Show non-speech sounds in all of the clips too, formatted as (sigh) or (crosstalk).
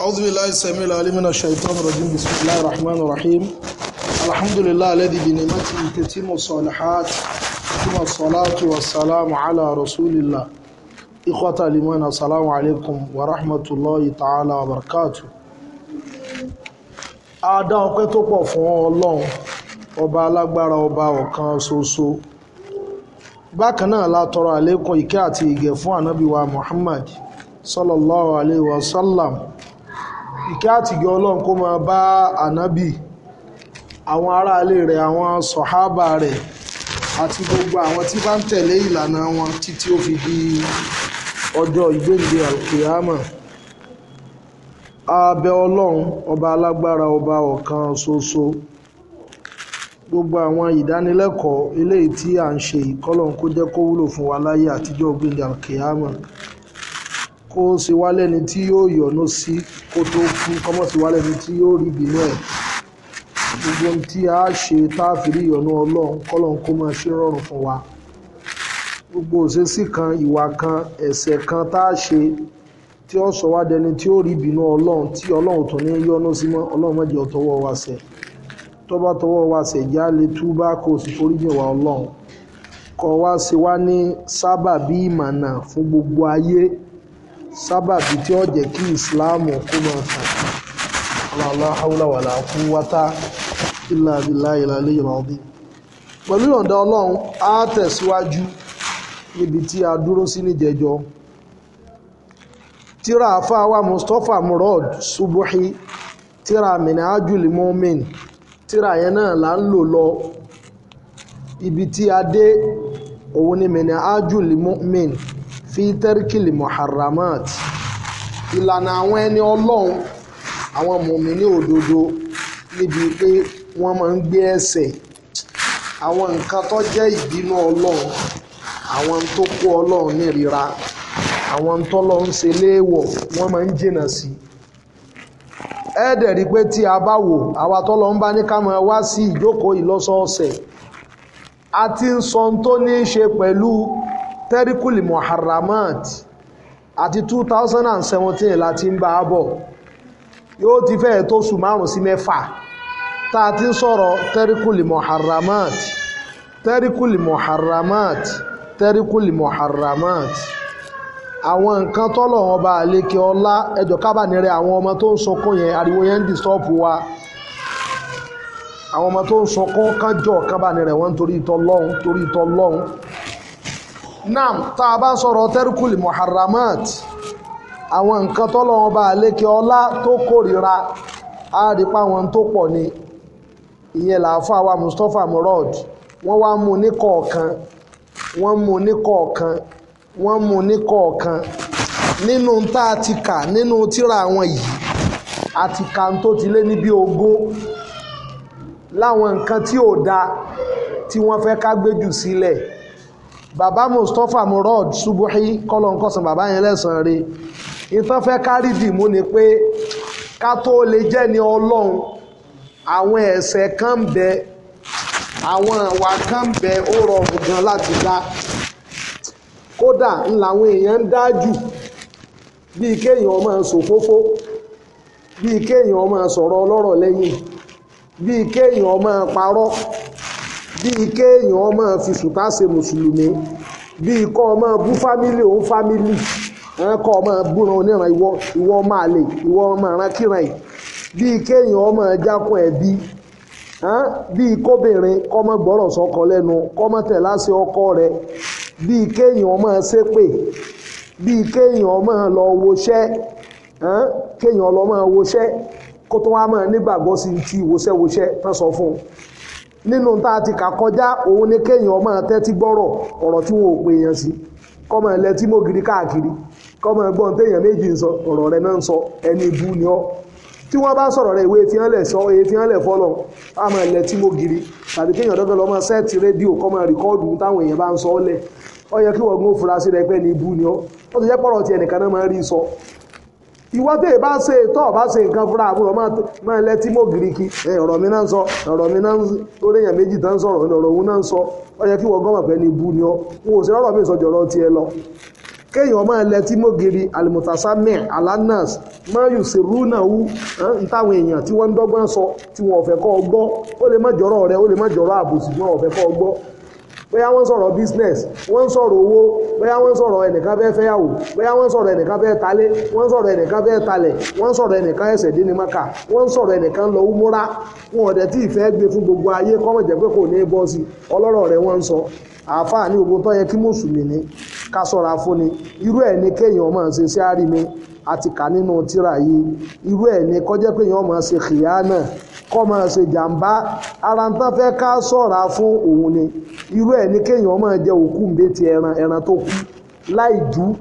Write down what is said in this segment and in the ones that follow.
أعوذ بالله السميع العليم من الشيطان الرجيم بسم الله الرحمن الرحيم الحمد لله الذي بنعمته تتم الصالحات ثم الصلاة والسلام على رسول الله إخوة الإيمان السلام عليكم ورحمة الله تعالى وبركاته A dá ọpẹ́ tó pọ̀ fún Ọlọ́run ọba alágbára ọba ọ̀kan ṣoṣo bákan náà la tọrọ àlékún ìkẹ́ àti ìgẹ̀ fún ànábì Muhammad sallallahu alayhi wa sallam ìkẹ́ àtìgẹ́ ọlọ́run kó máa bá ànábì àwọn aráalé rẹ̀ àwọn sọ̀hábà rẹ̀ àti gbogbo àwọn tí bá ń tẹ̀lé ìlànà wọn títí ó fi di ọjọ́ ìgbéǹde alkiyama abẹ ọlọ́run ọba alágbára ọba ọ̀kan ṣoṣo gbogbo àwọn ìdánilẹ́kọ̀ọ́ eléyìí tí à ń ṣe ìkọlọ́run kó jẹ́ kó wúlò fún wa láyé àtijọ́ ìgbéǹde alkiyama kó ṣe wá lẹ́ni tí yóò yọ̀nú sí kó tó kú kọ́mọ́ ṣe wá lẹ́ni tí yóò rí ìbínú ẹ̀ gbogbo tí a ṣe tá a fi rí ìyọ̀nú ọlọ́run kọ́lọ́run kó máa ṣe rọrùn fún wa gbogbo òṣèṣì kan ìwà kan ẹ̀ṣẹ̀ kan tá a ṣe tí ó sọ wá dẹni tí ó rí ìbínú ọlọ́run tí ọlọ́run tó ní yọ́nú sí mọ́ ọlọ́run má jẹ́ wa ṣẹ̀ tó tọwọ́ wa ṣẹ̀ já lè túbá kó sì forí jìn wá ọlọ́run kó wá ṣe wá ní sábàbí ìmọ̀nà fún gbogbo ayé sábàbí tí ó jẹ́ kí ìsìláàmù kó máa tàn lā ḥawla wa lā quwwata illā billāhi al-'aliyyil 'aẓīm pẹ̀lú ìyọ̀ǹda ọlọ́run á tẹ̀síwájú níbi tí a dúró sí níjẹjọ tíra àfáàwá Mustapha Murad Subuhi tíra Minhajul Mu'min tíra yẹn náà là ń lò lọ ibi tí a dé òun ni Minhajul Mu'min fi tẹ́ríkìlì muharramat ìlànà àwọn ẹni ọlọ́run àwọn mùmíní òdodo níbi pé wọ́n máa ń gbé ẹsẹ̀ àwọn nǹkan tó jẹ́ ìbínú ọlọ́run àwọn tó kó ọlọ́run nírira àwọn tọ́lọ́ ń ṣe léèwọ̀ wọ́n máa ń jìnà sí ẹ́ẹ̀dẹ̀rí pé tí a bá wò àwa tọ́lọ́ ń bá ní ká máa wá sí ìjókòó ìlọ́sọ̀ọ̀sẹ̀ a ti ń sọ tó ní í ṣe pẹ̀lú tẹ́ríkùlì muharramat àti 2017 láti ń bá bọ̀ yóò ti fẹ́ẹ̀ tó sù márùn sí mẹ́fà tá a ń sọ̀rọ̀ tẹ́ríkùlì muharramat tẹ́ríkùlì muharramat tẹ́ríkùlì muharramat àwọn nǹkan tọ́lọ̀ wọn bá lékè ọlá ẹjọ́ kábànírẹ̀ àwọn ọmọ tó ń sọkún yẹn ariwo yẹn ń wa àwọn ọmọ tó ń sọkún kájọ kábànírẹ̀ wọn torí ìtọ́ náà tá a bá sọ̀rọ̀ tẹ́rùkùlì muharramat àwọn nǹkan tọ́lọ́wọ́n bá lékè ọlá tó kórìíra á rí tó pọ̀ ni ìyẹn làáfà wa Mustapha Murad wọ́n wá mú ní kọ̀ọ̀kan wọ́n mú ní kọ̀ọ̀kan wọ́n mú ní kọ̀ọ̀kan nínú tá a ti kà nínú tíra àwọn yìí àti kà ń tó ti lé ní bí ogún láwọn nǹkan tí ò dáa tí wọ́n fẹ́ ká gbé jù sílẹ̀. Si bàbá Mustapha Murad Subuhi kọ́lọ́nkọ́sán bàbá yẹn lẹ́sàn-án rẹ̀ ìtàn fẹ́ kárí dìmú ni pé ká tó lè jẹ́ ni ọlọ́run àwọn ẹ̀ṣẹ̀ kan ń bẹ àwọn àwa kan ń bẹ ó rọrùn gan láti dá kódà ńláwọn èèyàn ń dájú bíi kéèyàn máa ṣòfófó bíi kéèyàn máa sọ̀rọ̀ ọlọ́rọ̀ lẹ́yìn bíi kéèyàn máa parọ́ bíi kéèyàn ọmọ fi sùtá ṣe mùsùlùmí bíi kọ́ ọmọ bú fámílì òun famili ọmọ búran oníran ìwọ ìwọ ìwọ ọmọ ọmọ jákun ẹ̀bí bí kóbìnrin kọ́mọ láṣẹ ọkọ ọmọ ṣépè bíi kéèyàn ọmọ lọ woṣẹ́ kéèyàn lọ mọ woṣẹ́ mọ nígbàgbọ́ sí ti nínú tá a ti kà kọjá òun ni kéèyàn ọmọ tẹ́tí gbọ́rọ̀ ọ̀rọ̀ tí wọn ò pe èèyàn sí kọ́mọ ilẹ̀ tí mo giri káàkiri kọ́mọ ẹgbọ́n téèyàn méjì ń sọ ọ̀rọ̀ rẹ̀ náà ń sọ ẹni ibú ni ọ́ tí wọ́n bá sọ̀rọ̀ rẹ ìwé ìfihànlẹ̀ sọ ìfihànlẹ̀ fọlọ̀ ilẹ̀ tí mo giri tàbí kéèyàn dọ́gbẹ́ lọ́mọ sẹ́ẹ̀tì rédíò rìkọ́ọ̀dù táwọn èèyàn bá ń sọ yẹ kí iwata tẹ́ ẹ bá ṣe tọ́ ọ bá ṣe nǹkan fúnra àbúrò máa lẹ́tí mọ́ gíríkì ọ̀rọ̀ mi náà ń sọ mi náà ń lórí èèyàn méjì tán sọ̀rọ̀ ọ̀rọ̀ òun náà ń sọ ó yẹ kí wọ́n ní ibú ni ọ́ n ò sí ọ̀rọ̀ mi ìsọjọ́ ọ̀rọ̀ tiẹ̀ lọ. alanas mayu serunawu ń dọ́gbọ́n sọ bóyá wọ́n sọ̀rọ̀ business wọ́n sọ̀rọ̀ owó bóyá wọ́n sọ̀rọ̀ ẹnìkan fẹ́ fẹ́yàwó bóyá wọ́n sọ̀rọ̀ ẹnìkan fẹ́ talé wọ́n sọ̀rọ̀ ẹnìkan fẹ́ talẹ̀ wọ́n sọ̀rọ̀ ẹnìkan ẹsẹ̀ dín ní maka wọ́n sọ̀rọ̀ ẹnìkan lọ wúmúra wọn ọ̀dẹ̀ tí ìfẹ́ gbé fún gbogbo ayé kọ́mọ̀ jẹ́ pé kò ní bọ́ sí ọlọ́rọ̀ rẹ̀ wọ́n ń sọ àáfàá ní ogun tó yẹ kí mùsùlùmí ní ká sọ̀rọ̀ afúnni irú ẹ̀ ní kéèyàn máa ṣe sí àrími àti kà nínú tíra yìí irú ẹ̀ ní kọjá pé èèyàn máa ṣe kìyà náà kọ́ máa ṣe ara ń tán fẹ́ ká sọ̀ra fún òun ni irú ẹ̀ ní kéèyàn máa jẹ òkú ń bẹ́ẹ̀ ti ẹran ẹran tó kú láì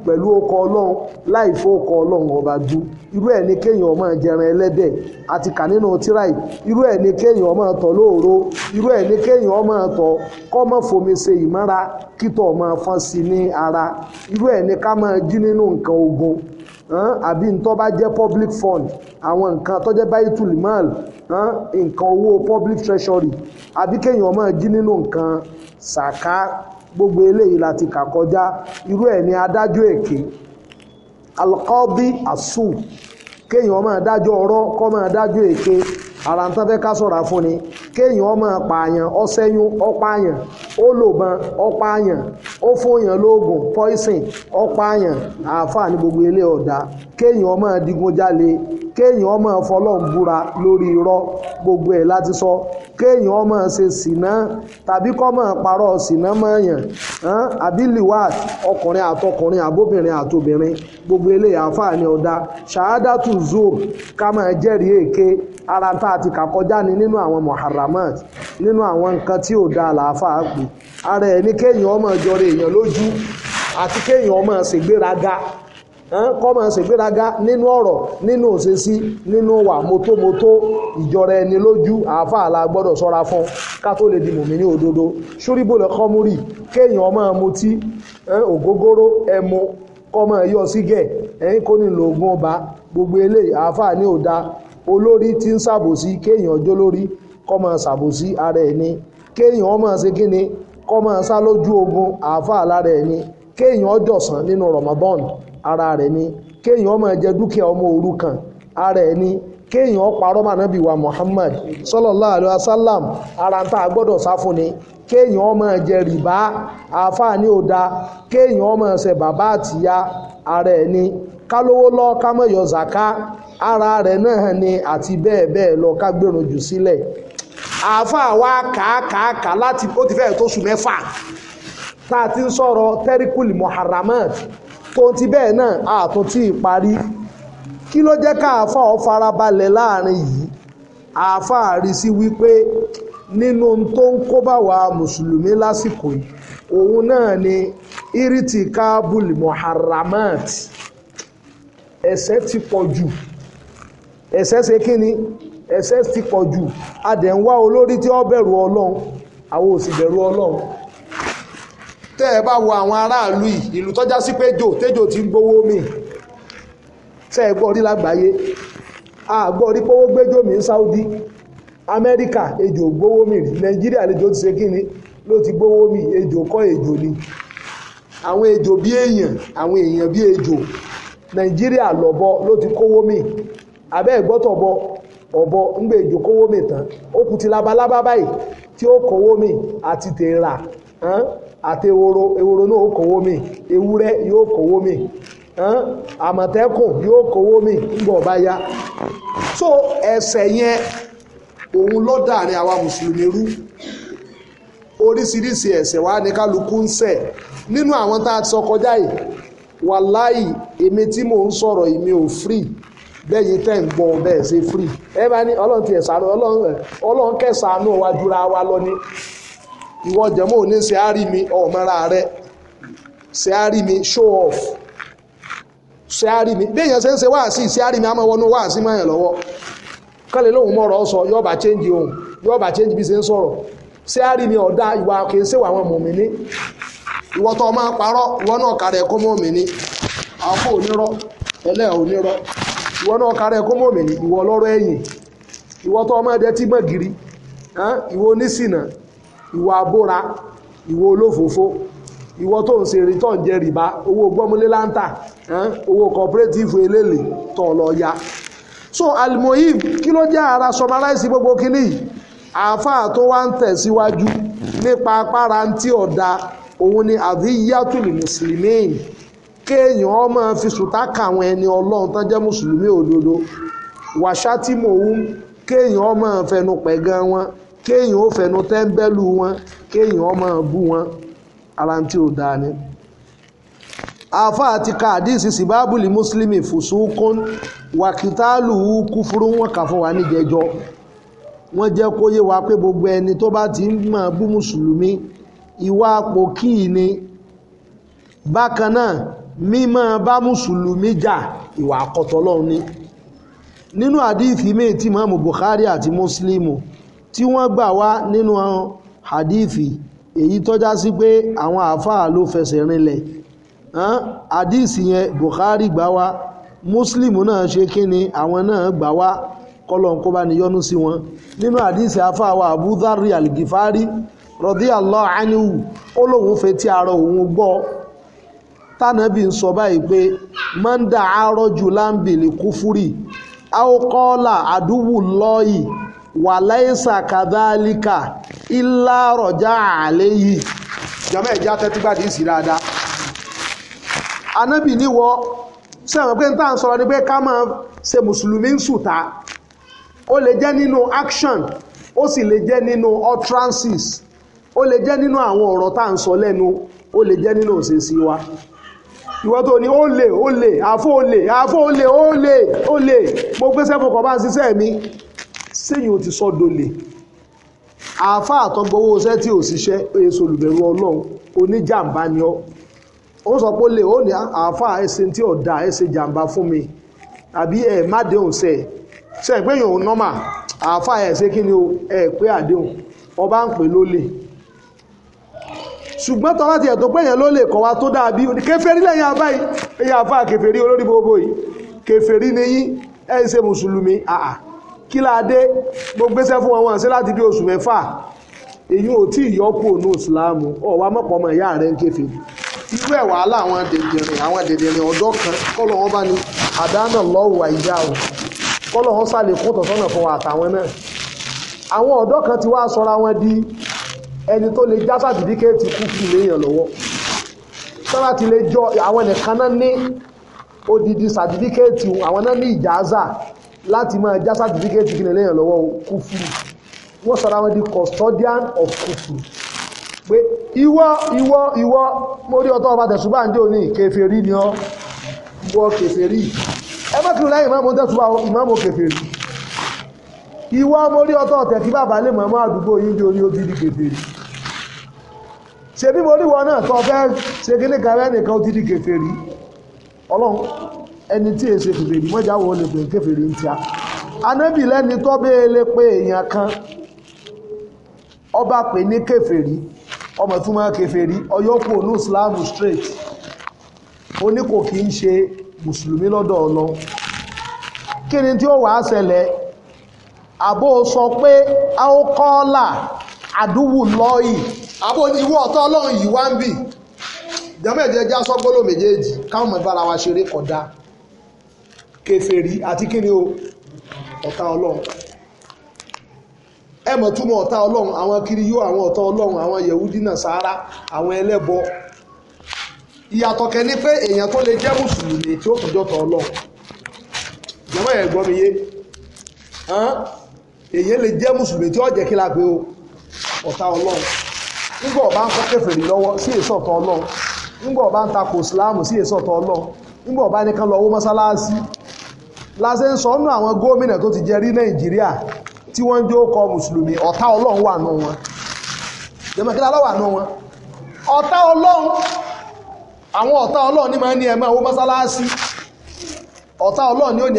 pẹ̀lú ọkọ̀ ọlọ́run láì ọlọ́run ọba jú irú ẹ̀ ní kéèyàn máa jẹran ẹlẹ́dẹ̀ àti tíráì irú ní kéèyàn máa tọ̀ lóòró irú ní kéèyàn máa tọ̀ ara irú ní ká máa jí nínú ogun àbí ntọ́ bá jẹ́ public fund àwọn nǹkan tó jẹ́ baitul mal nǹkan owó public treasury àbí kéèyàn máa jí nínú nǹkan sàká gbogbo eléyìí láti kà kọjá irú ẹ̀ ní adájọ́ èké alqadi asu kéèyàn máa dájọ́ ọ̀rọ̀ kó máa dájọ́ èké ara ń fẹ́ ká sọ̀rọ̀ fún ni kéèyàn ọmọ pààyàn ọsẹ́yún ọpààyàn olóban ọpààyàn ó fóyàn lóògùn poison ọpààyàn àáfàá ní gbogbo ilé ọ̀dà kéèyàn ọmọ digunjalè kéèyàn ọmọ fọlọ́n búra lórí irọ́ gbogbo ẹ̀ láti sọ kéèyàn ọmọ ṣe sìná tàbí kọ́mọ parọ́ sìná mọ́yàn àbí liwat ọkùnrin àtọkùnrin àbóbìnrin àtobìnrin gbogbo eléyà àáfàá ní ọ̀dà ṣàádàtù zoom ká máa jẹ́rìí èké ara karamat nínú àwọn nǹkan tí ò da làáfàá pè ara ẹ̀ ní kéèyàn ọmọ ìjọra èèyàn lójú àti kéèyàn ọmọ ṣègbéraga kọ́ máa ṣègbéraga nínú ọ̀rọ̀ nínú òṣèṣí nínú wà mótómótó ìjọra ẹni lójú àáfàá la gbọ́dọ̀ sọ́ra fún ká tó lè di mùmínì òdodo ṣúríbòlẹ̀ kọ́múrì kéèyàn ọmọ mutí ògógóró ẹmu kọ́ máa yọ sígẹ̀ ẹ̀yìn kò ní lòògùn ọba gbogbo eléyìí àáfàá ní ò da olórí tí ń ṣàbòsí kéèyàn ọjọ́ lórí kọ́ máa ara ẹ̀ ni kéèyàn máa ṣe kí ni kọ́ máa sá lójú ogun àáfàá lára ẹ̀ ni kéèyàn ọjọ̀sán nínú Ramadan ara rẹ̀ ni kéèyàn máa jẹ dúkìá ọmọ òrukàn ara ẹ̀ ni kéèyàn parọ́ mọ́ wa Muhammad sallallahu alaihi wasallam ara tá a gbọ́dọ̀ sá fún ni kéèyàn máa jẹ rìbá àáfàá ní òda kéèyàn máa ṣe bàbá àtìyá ara ẹ̀ ni kálówó lọ ká yọ zàká ara rẹ̀ náà ni àti bẹ́ẹ̀ bẹ́ẹ̀ lọ ká gbèrò jù sílẹ̀ àáfàá wa kàákàákà láti ó ti fẹ́ẹ̀ tó oṣù mẹ́fà tá a ti ń sọ̀rọ̀ tẹ́ríkùlì muharramat tó ti bẹ́ẹ̀ náà àtún tí ì parí kí ló jẹ́ káàfàá ọ farabalẹ̀ láàrin yìí àáfàá rí sí wípé nínú tó ń kó wa mùsùlùmí lásìkò yìí òun náà ni iriti káàbùlì muharramat ẹ̀ṣẹ̀ ti pọ̀ jù ẹ̀ṣẹ̀ ṣe kí ni ẹ̀ṣẹ̀ ti pọ̀ jù a dẹ̀ ń wá olórí tí ó bẹ̀rù ọlọ́run àwọn ò sì bẹ̀rù ọlọ́run tẹ́ ẹ bá wo àwọn aráàlú yìí ìlú tọ́já sí péjò téjò ti ń gbowó mi tẹ́ ẹ gbọ́ rí lágbàáyé a gbọ́ rí pówó gbẹ́jọ́ mi ní Saudi Amẹ́ríkà ejò gbowó mi rí Nàìjíríà lejò ti ṣe kí ni ló ti gbowó mi ejò kọ́ ejò ni àwọn ejò bí èèyàn àwọn èèyàn bí ejò Nàìjíríà lọ́bọ ló ti kówó mi abẹ́ ẹ̀gbọ́tọ̀ bọ́ Ọbọ ńgbè ìjókòwò mi tán ó kù ti labalábá báyìí tí ó kówó mi àti tèèrà àti eworo eworo náà ó kówó mi ewúrẹ́ yóò kówó mi àmọ̀tẹ́kùn yóò kówó mi ńgbọ̀ ọba ya so ẹsẹ̀ yẹn òun ló dàrin àwa mùsùlùmí rú oríṣiríṣi ẹ̀ṣẹ̀ wa ní kálukú ń ṣẹ̀ nínú àwọn tá a ti sọ kọjá yìí wàláì èmi tí mò ń sọ̀rọ̀ èmi ò free lẹ́yìn tẹ́ ń gbọ́ bẹ́ẹ̀ ṣe free ẹ bá ọlọ́run ti ẹ̀sánú ọlọ́run kẹsànú wa jura wa lọ ni ìwọ jẹ̀mọ́ òní ṣe á rí mi rẹ ṣe mi show off ṣe mi bí èèyàn ṣe ń ṣe wáàsí ṣe á rí mi àmọ́ wáàsí mọ́ yẹn lọ́wọ́ kọ́lé lóhùn sọ change ohun change bí ṣe ń sọ̀rọ̀ ṣe á mi ìwà kì í ṣe wà wọn ìwọ tó máa parọ́ ìwọ náà kó ìwọ náà kárẹ́ kó mọ̀ mí ni ìwọ lọ́rọ̀ ẹ̀yìn ìwọ tó ọmọ ẹ̀dẹ́ tí mọ̀ gírí ìwọ onísìnà ìwọ abóra ìwọ olófòófó ìwọ tó ń ṣe return jẹ rìbá owó gbọ́múlé láńtà owó cooperative eléèlé tọ̀ lọ ya so almohim kí ló jẹ́ ara summarize gbogbo kíní yìí àáfàá tó wá ń tẹ̀síwájú nípa apára tí ọ̀dà òun ni àdíyàtúlì mùsùlùmí kéèyàn ó máa fi sùtá ka àwọn ẹni ọlọ́run tán jẹ́ mùsùlùmí òdodo wàṣà tí mò ń kéèyàn ó máa fẹnu pẹ̀gàn wọn kéèyàn ó fẹnu tẹ́ńbẹ́lú wọn kéèyàn ó máa bú wọn ara tí ò dáa ni. àfa àti kàdíìsì sìbáàbùlì mùsùlùmí fùsùnkún wàkìtálù kúfúrú wọn kà fún wa níjẹjọ wọ́n jẹ́ kó yé wa pé gbogbo ẹni tó bá ti ń mọ̀ bú mùsùlùmí ìwà àpò kíì ni bákan náà mímọ́ bá mùsùlùmí jà ìwà àkọ́tọ̀ ọlọ́run ni nínú àdífì míì tí mọ́mù Bukhari àti Muslimu tí wọ́n gbà wá nínú àdífì èyí tọ́já sí pé àwọn àáfàá ló fẹsẹ̀ rinlẹ̀ àdífì yẹn Bukhari gbà wá Muslimu náà ṣe kíni àwọn náà gbà wá kọlọ̀n kó bá ní yọ́nú sí wọn nínú àdísì afáwà Abu Dharri al-Ghifari radiyallahu anhu ó lóun fẹ́ tí ara òun gbọ́ tánàbí ń sọ báyìí pé mọ́ndà àárọ̀jù láǹbìlì kúfúrì àwòkọ́ọ́là àdúgbò lọ́ọ̀yì wà láìsà kàdálíkà ilá rọ̀já àléyìí jọmọ ẹ̀já tẹ́tígbàdì sí dáadáa anábì níwọ sẹ́wọ̀n pé ń tàn sọ̀rọ̀ ni pé ká máa ṣe mùsùlùmí ń sùta ó lè jẹ́ nínú action ó sì lè jẹ́ nínú utterances ó lè jẹ́ nínú àwọn ọ̀rọ̀ tá à sọ lẹ́nu ó lè jẹ́ nínú òṣèṣì wa ìwọ́n tó ní ó lè ó lè àfó ó lè àfó ó lè ó lè ó lè mo gbé sẹ́fọ̀ kan bá ń ṣiṣẹ́ mi sẹ́yìn ò ti sọ dolè àáfà àtọ́gbowó iṣẹ́ tí ò ṣiṣẹ́ èso olùbẹ̀rù ọlọ́run oníjàmbá ni ọ́ ó sọ pé ó lè ó ní àáfà ẹsẹ̀ tí ò da ẹsẹ̀ jàmbá fún mi àbí ẹ̀ má déhùn sẹ́ ẹ̀ sẹ́ ẹ̀ pé èèyàn ò nọ́mà àáfà ẹ̀ ṣe kí ni ẹ̀ pé àdéhùn ọba ń pè lólè ṣùgbọ́n tọ́lá ti ẹ̀tọ́ pé ló lè kọ́ wa tó dáa bí lẹ́yìn abáyìí ẹ̀yà àfa kèfèrí olórí gbogbo yìí kèfèrí ni yín ẹ̀ ń ṣe mùsùlùmí àà kí la dé gbogbo ṣẹ́ fún wọn wọn ṣe láti bí oṣù mẹ́fà èyí ò tí ì yọkù ònú ìsìláàmù ọ̀wá mọ̀pọ̀ ọmọ ìyá rẹ̀ ń kèfèrí irú ẹ̀ wàhálà àwọn dèdèrìn àwọn dèdèrìn ọ̀dọ́ kan kọ́lọ̀ wọn bá ní àdánà lọ́wọ́ àìjá o kọ́lọ̀ wọn sàlékún tọ̀sọ́nà fún wa àtàwọn náà àwọn ọ̀dọ́ kan ti wá sọra wọn di ẹni tó lè já sàtìdíkẹ́ẹ̀tì kú fi léèyàn lọ́wọ́ sábà ti lè jọ àwọn nìkan náà ní odidi sàtìdíkẹ́ẹ̀tì àwọn náà ní ìjàzà láti máa já sàtìdíkẹ́ẹ̀tì kí léèyàn lọ́wọ́ kú fún wọn sọ̀rọ̀ àwọn di custodian of kùfù pé ìwọ ìwọ ìwọ mo rí ọtọ́ ọba tẹ̀sùbá ń dé òní kèfèrí ni ọ wọ kèfèrí ẹ má kiri lẹ́yìn ìmáàmù tẹ̀sùbá ìmáàmù kèfèrí ìwọ mo rí ọtọ́ ọ̀tẹ̀ kí bàbá lè mọ̀ mọ́ àdúgbò yín dé orí odidi kèfèrí ṣe bí mo rí wọn náà tó fẹ́ ṣe kíní kan ẹnìkan ó ti di kèfèrí ọlọ́run ẹni tí èsè kèfèrí mọ́jà wo lè pè ń tíá anábì lẹ́ni tó bẹ́ẹ̀ ọba pè ní kèfèrí ọmọ tó máa kèfèrí ọyọ́pọ̀ ní Islam straight kò kí ń ṣe mùsùlùmí lọ́dọ̀ sọ pé àdúwù lọ́ọ̀yì àbò ìwọ ọ̀tọ́ ọlọ́run yìí wá ń bì jẹ́mọ́ ẹ̀jẹ̀ já sọ́gbọ́lọ́ méjèèjì káwọn mọ̀ ìbára wa ṣeré kódà kèfèrí àti kíni o ọ̀tá ọlọ́run ẹ mọ̀ túmọ̀ ọ̀tá ọlọ́run àwọn kiri yóò àwọn ọ̀tá ọlọ́run àwọn yẹ̀wúdí náà sáárá àwọn ẹlẹ́bọ ìyàtọ̀ kẹ́ni pé èèyàn tó lè jẹ́ mùsùlùmí tí ó tún jọ́tọ̀ ọlọ́run jẹ́mọ́ ẹ̀ gbọ́ mi yé èèyàn lè jẹ́ mùsùlùmí tí ó jẹ́ kí la pé o ọ̀tá ọlọ́run ngwa ọba ń kọ́ lọwọ si sí ọlọ, ọ̀tọ̀ ọba ń takò ìsìláàmù sí èso ọ̀tọ̀ ọba nika kan masalasi, mọ́sálásí láṣẹ ń àwọn gómìnà tó ti nàìjíríà tí jó kọ mùsùlùmí wà nù wọn wọn àwọn máa ní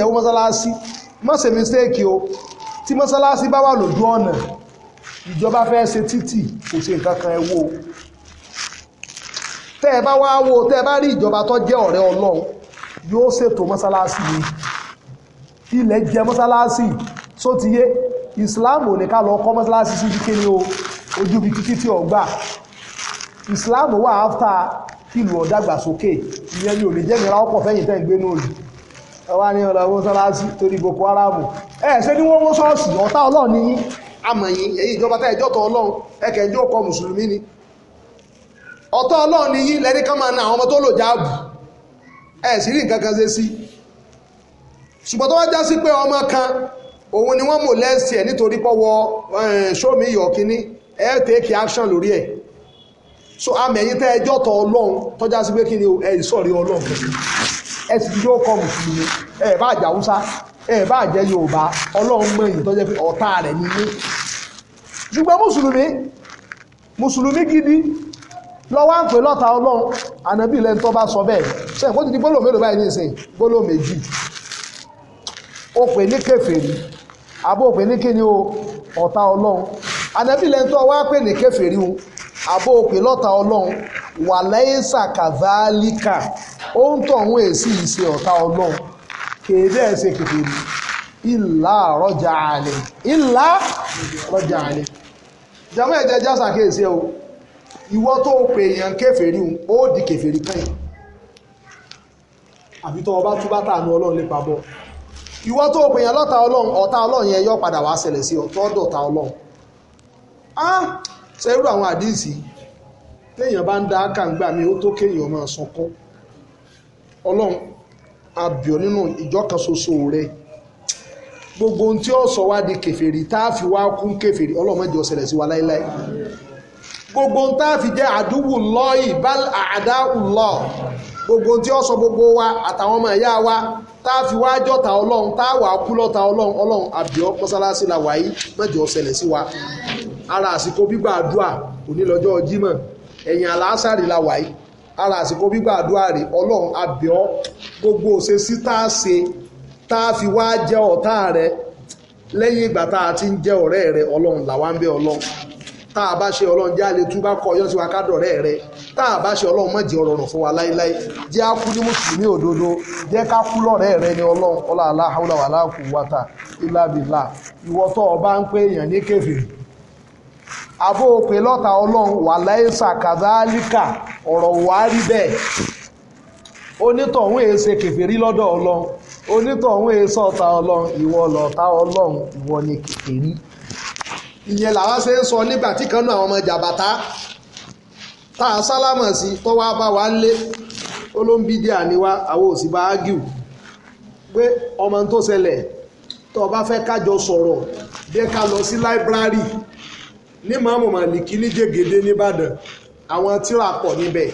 ó ní má mistake o tí masalasi bá wà lójú ìjọba fẹ́ ṣe títì kò ṣe nǹkan kan ẹ wò tẹ́ ẹ bá wá wò tẹ́ ẹ bá rí ìjọba tó jẹ́ ọ̀rẹ́ ọlọ́run yóò ṣètò mọ́sálásí ni ilẹ̀ jẹ́ mọ́sálásí só ti yé Islam ò ní ká lọ kọ́ mọ́sálásí sí kíké ní ojú bí títí tí ọgbà Islam wà áfta ìlú ọ̀dàgbàsókè ìyẹn ni ò lè jẹ́mìíra ọkọ̀ fẹ́yìn tẹ́ ìgbénú òlù ẹwà ní ọ̀dọ̀ mọ́sálásí torí Boko Haram ẹ̀ ṣe ní wọ́n wọ́n ṣọ́ọ̀ṣì ọ̀tá ọlọ́ọ̀ níyìn amọ̀yìn èyí ìjọba tẹ́ ẹjọ́ tọ́ ọlọ́run ẹkẹ̀ ẹjọ́ kọ mùsùlùmí ni ọ̀tọ́ ọlọ́run ni yí lẹ́ni kan máa na àwọn ọmọ tó lò jáàbù ẹ̀ sì rí nǹkan kan ṣe sí ṣùgbọ́n tó wá já sí pé ọmọ kan òun ni wọ́n mò lẹ́sì ẹ̀ nítorí pọ́wọ́ ṣómi yọ̀kíní ẹ̀ take action lórí ẹ̀ so amẹ̀yìn tẹ́ ẹjọ́ tọ́ ọlọ́run tọ́já sí pé kí ni ẹ̀ ìsọ̀rí ọlọ́run ẹ̀ sì yóò mùsùlùmí ẹ̀ bá ẹ bá jẹ́ yorùbá ọlọ́run mọ èyí tó jẹ́ pé ọ̀tá rẹ̀ ní ilé ṣùgbọ́n mùsùlùmí mùsùlùmí gidi lọ́wọ́ à ń pè lọ́ta ọlọ́run ànábì lẹ́ni tó bá sọ bẹ́ẹ̀ ṣe kó ti di gbólóhùn mélòó báyìí nísìnyí gbólóhùn méjì ó pè ní kèfèrí àbó pè ní kíni o ọ̀tá ọlọ́run ànábì lẹ́ni tó wá pè ní kèfèrí o àbó pè lọ́ta ọlọ́run wàlẹ́yìn sàkàválíkà ó ń tọ̀ òun èsì ìṣe ọ̀tá ọlọ́run kì í dẹ́ ṣe kèfèrí ìlà àlè ìlà àlè jàmọ́ ẹ̀jẹ̀ jásà ìwọ tó pè èèyàn ó di kèfèrí kẹ́yìn àbí tó ọba túbá tàánú ọlọ́run lè pa bọ́ ìwọ tó pè èèyàn lọ́ta ọlọ́run ọ̀tá yẹn yọ padà wá sí àwọn àdìsí téèyàn bá ọlọ́run abíọ́ nínú ìjọ kan ṣoṣo rẹ gbogbo ohun tí ó sọ wá di kèfèrí tá wá kún kèfèrí ọlọ́mọdé ọ̀sẹ̀lẹ̀ sí wa láéláé gbogbo ohun tá a fi àdúgbò lọ́ọ̀yì bal àdá ùlọ́ gbogbo ohun tí ó sọ gbogbo wa àtàwọn ọmọ ẹ̀yà wa tá a fi wá jọ́ta ọlọ́run tá kú lọ́ta ọlọ́run ọlọ́run àbíọ́ mọ́sálásí la wáyé mọ́jọ́ ọ̀sẹ̀lẹ̀ sí wa ara àsìkò gbígbà àdúà òní lọ́jọ́ Jímọ̀ ẹ̀yìn àlàásàrì la wáyé ara àsìkò gbígbàdúrà rè ọlọ́run àbíọ́ gbogbo òṣè sí tá a ṣe tá a fi wá jẹ́ ọ̀tá rẹ lẹ́yìn ìgbà tá a ti ń jẹ́ ọ̀rẹ́ rẹ ọlọ́run làwa ń bẹ ọlọ́run tá a bá ṣe ọlọ́run jẹ́ àlè túbá kọ ọyọ́ sí wa ká dọ̀rẹ́ rẹ tá a bá ṣe ọlọ́run má jẹ́ ọ̀rọ̀ ọ̀rọ̀ fún wa láéláé jẹ́ á kú ní mùsùlùmí òdodo jẹ́ ká kú lọ́rẹ́ rẹ ní ọlọ́run ọlá aláhàúlà wàhálà kù wàtà ìlàbìlà ìwọ́tọ̀ ọba ń pé èèyàn ní kèfèrí àfọwọ́pẹ lọta ọlọrun wà láìsà kàdálíkà ọ̀rọ̀ wà rí bẹ́ẹ̀ onítọ̀hún kèfèrí lọ́dọ̀ ọlọ́run onítọ̀hún èé ṣọ̀tá ìwọ lọ̀tá ọlọ́run ìwọ ni kèfèrí ìyẹn làwa ṣe ń sọ ọmọ jàbàtà tá a sálámọ̀ sí wa lé olóńbídé àníwá àwọn òsì bá ágìw pé ọmọ tó ṣẹlẹ̀ bá fẹ́ kájọ sọ̀rọ̀ ní mọ́mù màlìkí ní jẹ́gẹ́dẹ́ nìbàdàn àwọn tíra pọ̀ níbẹ̀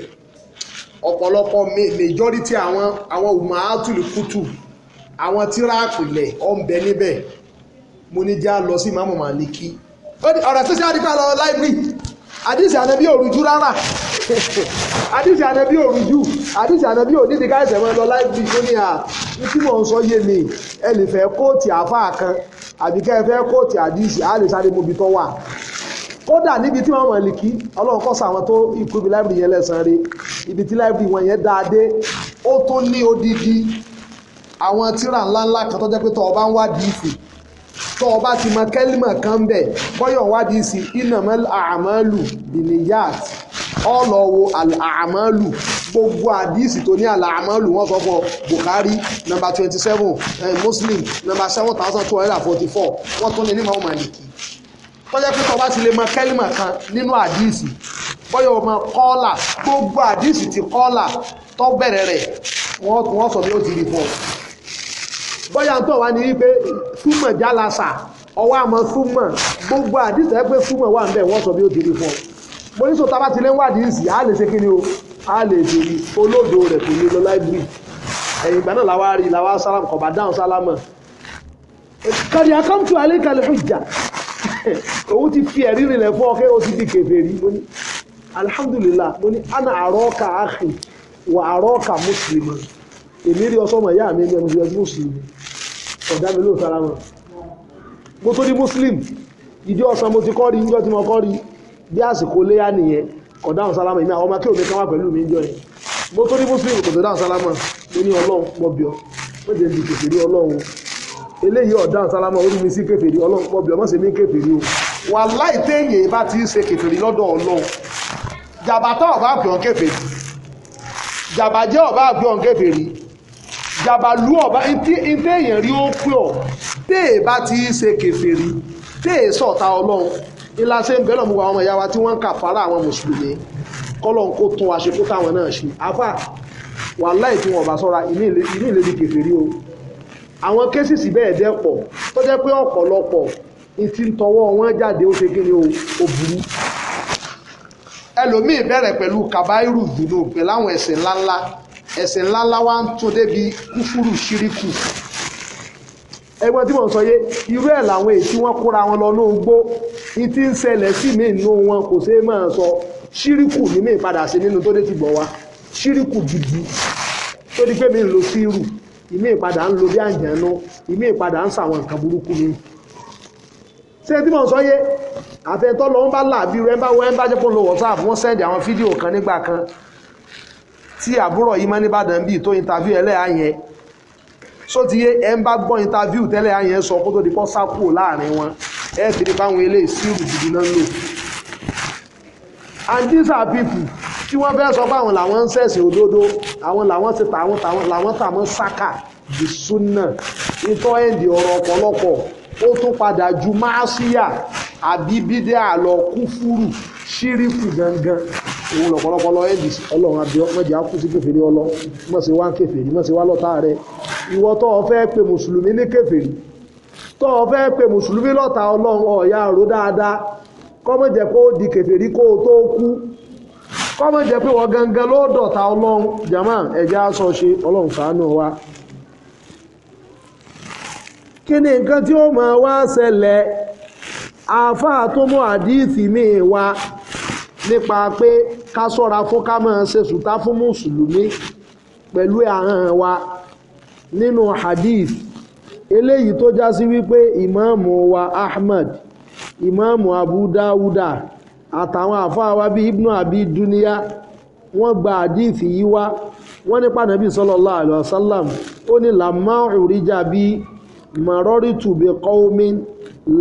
ọ̀pọ̀lọpọ̀ majority àwọn àwọn umahatul kutu àwọn tíra àpìlẹ̀ ọ̀nbẹ níbẹ̀ mo ní já lọ sí mọ́mù màlìkí ọ̀rọ̀ tó ṣe àdìpá lọ láìbírì àdìsí ànábí òrùjú rárá àdìsí ànábí òrùjú àdìsí ànábí òdìdí káìsẹ̀ mọ́ lọ láìpẹ́ tó (laughs) ní à ní tí mò ń sọ yé mi ẹ lè fẹ́ kóòtì àáfàá kan àbí ẹ fẹ́ kóòtì àdìsí á lè sáré mobi tó wà kódà níbi tí wọ́n mọ̀lì kí ọlọ́run kọ́ sàwọn tó ikú ibi láìbìrì yẹn lẹ́sàn rí ibi tí láìbìrì wọn yẹn dáadé ó tó ní odidi àwọn tíra ńláńlá kan tó jẹ́ pé tọ́ ọba ń wádìí ìsì tọ́ ọba ti mọ kẹ́límà kan bẹ̀ bọ́yọ̀ wádìí ìsì ìnàmọ́ àmọ́lù bìnníyàt ọlọ́wọ́ àmọ́lù gbogbo àdìsí tó ní àlà àmọ́lù wọ́n sọ fún Bukhari number twenty seven eh, Muslim number seven thousand two hundred and forty four wọ́n tún lè ní màmú màlìkì tọ́jẹ́ pé tọba ti lè mọ kẹ́límà kan nínú àdìsí bọ́yọ̀ ọmọ kọ́ọ̀là gbogbo àdìsí ti kọ́ọ̀là tó bẹ̀rẹ̀ rẹ̀ wọ́n sọ bí ó ti rí fún ọ. bọ́yọ̀ tó wà ní wípé súnmọ̀ jálásà ọwọ́ àmọ́ súnmọ̀ gbogbo àdìsí ẹgbẹ́ súnmọ̀ wà níbẹ̀ wọ́n sọ bí ó ti rí fún mo ní sọ tọba ti lè wá àdìsí á lè ṣe kí ni o á lè dèrí olódo rẹ̀ kò ní lọ láìbírì ẹ̀yìn ìgbà náà làwa rí làwa sálàmù kọ̀ọ̀bà dáhùn sálàmù. kàdí àkọ́mtù alẹ́ kàlẹ́ hujja òun (laughs) ti fi ẹ̀rí rìnlẹ̀ fún ọkẹ́ ó ti di kèfèrí mo ní alhamdulillah mo ní ana àrọ́ọ̀kà àhìn wà àrọ́ọ̀kà mùsùlùmí èmi rí ọsọ́mọ ìyá mi ní ẹnìyàn mùsùlùmí ọ̀dá mi lóò sára wọn mo tó di muslim ìjọ ọ̀sán mo ti kọ́ rí níjọ́ tí mo kọ́ rí bí àsìkò léyà nìyẹn kò dáhùn sálámà ìmí àwọn ọmọ kí omi kan wà pẹ̀lú mi ń jọ yẹn mo tó di muslim kò tó dáhùn sálámà mo ní ọlọ́run mo bì mo jẹ́ di kèfèrí ọlọ́run eléyìí ọ̀dá àtàlámà orí mi sí kèfèrí ọlọ́run pọ̀ bí ọmọ sí mi kèfèrí o wà láì téèyàn bá ti ṣe kèfèrí lọ́dọ̀ ọlọ́run jàbátá ọ̀bá àgbọ̀n kèfèrí jàbàjẹ́ ọ̀bá àgbọ̀n kèfèrí jàbàlú ọ̀bá téèyàn rí ó pé ọ̀ téè bá ti ṣe kèfèrí téè sọ̀tà ọlọ́run ńlá ṣe ń bẹ́ lọ́mú àwọn ìyá wa tí wọ́n ń kà fara àwọn mùsùlùmí kọ́lọ́n kó tún àṣekú táwọn náà ṣe àfà wà láì tí wọn sọ́ra ìní ìlérí kèfèrí o àwọn kéṣìṣì bẹ́ẹ̀ dẹ́ pọ̀ tó jẹ́ pé ọ̀pọ̀lọpọ̀ ní ti ń tọwọ́ wọn jáde ó ṣe kí ni ó burú ẹlòmíì bẹ̀rẹ̀ pẹ̀lú kàbáírù dùnú pẹ̀lú àwọn ẹ̀ṣẹ̀ ńláńlá ẹ̀ṣẹ̀ ńláńlá wa ń tún débi kúfúrú ṣíríkù ẹgbẹ́ tí mo sọ yé irú ẹ̀ làwọn èsì wọn kóra wọn lọ ní ogbó ní ti ń ṣẹlẹ̀ sí mi nínú wọn kò ṣeé máa sọ ṣíríkù ní mi padà sí nínú tó dé ti gbọ̀ wá ṣíríkù gidi tó di pé mi ń lo síírù ìmí ìpadà ń lo bí àjẹnú ìmí ìpadà ń sàwọn nǹkan burúkú ni ṣé tí mò ń sọ yé àfẹ́tọ́ lọ́n bá làbí rẹ̀ bá wọ́n bá jẹ́ pọ́n lo WhatsApp wọ́n sẹ́ndì àwọn fídíò kan nígbà kan tí àbúrò yìí mọ́ nìbàdàn bíi tó interview ẹlẹ́yà yẹn só ti yé ẹ ń bá gbọ́ interview tẹ́lẹ̀ yẹn sọ kó tó di kọ́ sákò láàrin wọn ẹ fi ní báwọn eléyìí sí ìrùjìdì náà lò and these are people tí wọ́n fẹ́ sọ pé àwọn làwọn ń ṣẹ̀sìn òdodo àwọn làwọn ti ta àwọn tàwọn làwọn tàwọn sáka the sunna ìtọ́ ẹ̀ǹdì ọ̀rọ̀ ọ̀pọ̀lọpọ̀ ó tún padà ju máṣíyà àbí bídẹ́ àlọ́ kúfúrù ṣírífù gangan òun lọ̀pọ̀lọpọ̀ lọ ẹ̀dì ọlọ́run àbíọ́ mọ̀jẹ̀ á kú sí kèfèrí ọlọ́ mọ̀ sí wá ń kèfèrí mọ̀ sí wá lọ́tà rẹ̀ ìwọ tó o fẹ́ pe mùsùlùmí ní kèfèrí tó o fẹ́ pe mùsùlùmí lọ́tà ọlọ́run ọ̀ọ́yà rò dáadáa kọ́mọ̀ jẹ́ pé ó di kèfèrí kó o tó kú kọ́mọ̀ jẹ́ pé wọ́n gangan ló dọ̀ta ọlọ́run jama ẹ̀já sọ ṣe ọlọ́run ṣàánú wa kí ni nǹkan tí ó máa wá ṣẹlẹ̀ àáfàá tó mú àdíìsì míì wá nípa pé ká sọ́ra fún ká máa ṣe sùtá fún mùsùlùmí pẹ̀lú ahọ́n wa nínú hadith eléyìí tó já sí wípé ìmáàmù wa Ahmad ìmáàmù abu dáúdà àtàwọn àfáà wa bíi ibnu abi dúníyà wọ́n gba àdíìsì yìí wá wọ́n nípa nàbí sallallahu alaihi wasallam ó ní làmá òrìjà bí mọ̀rọ́rì tùbí kọ́ọ́mí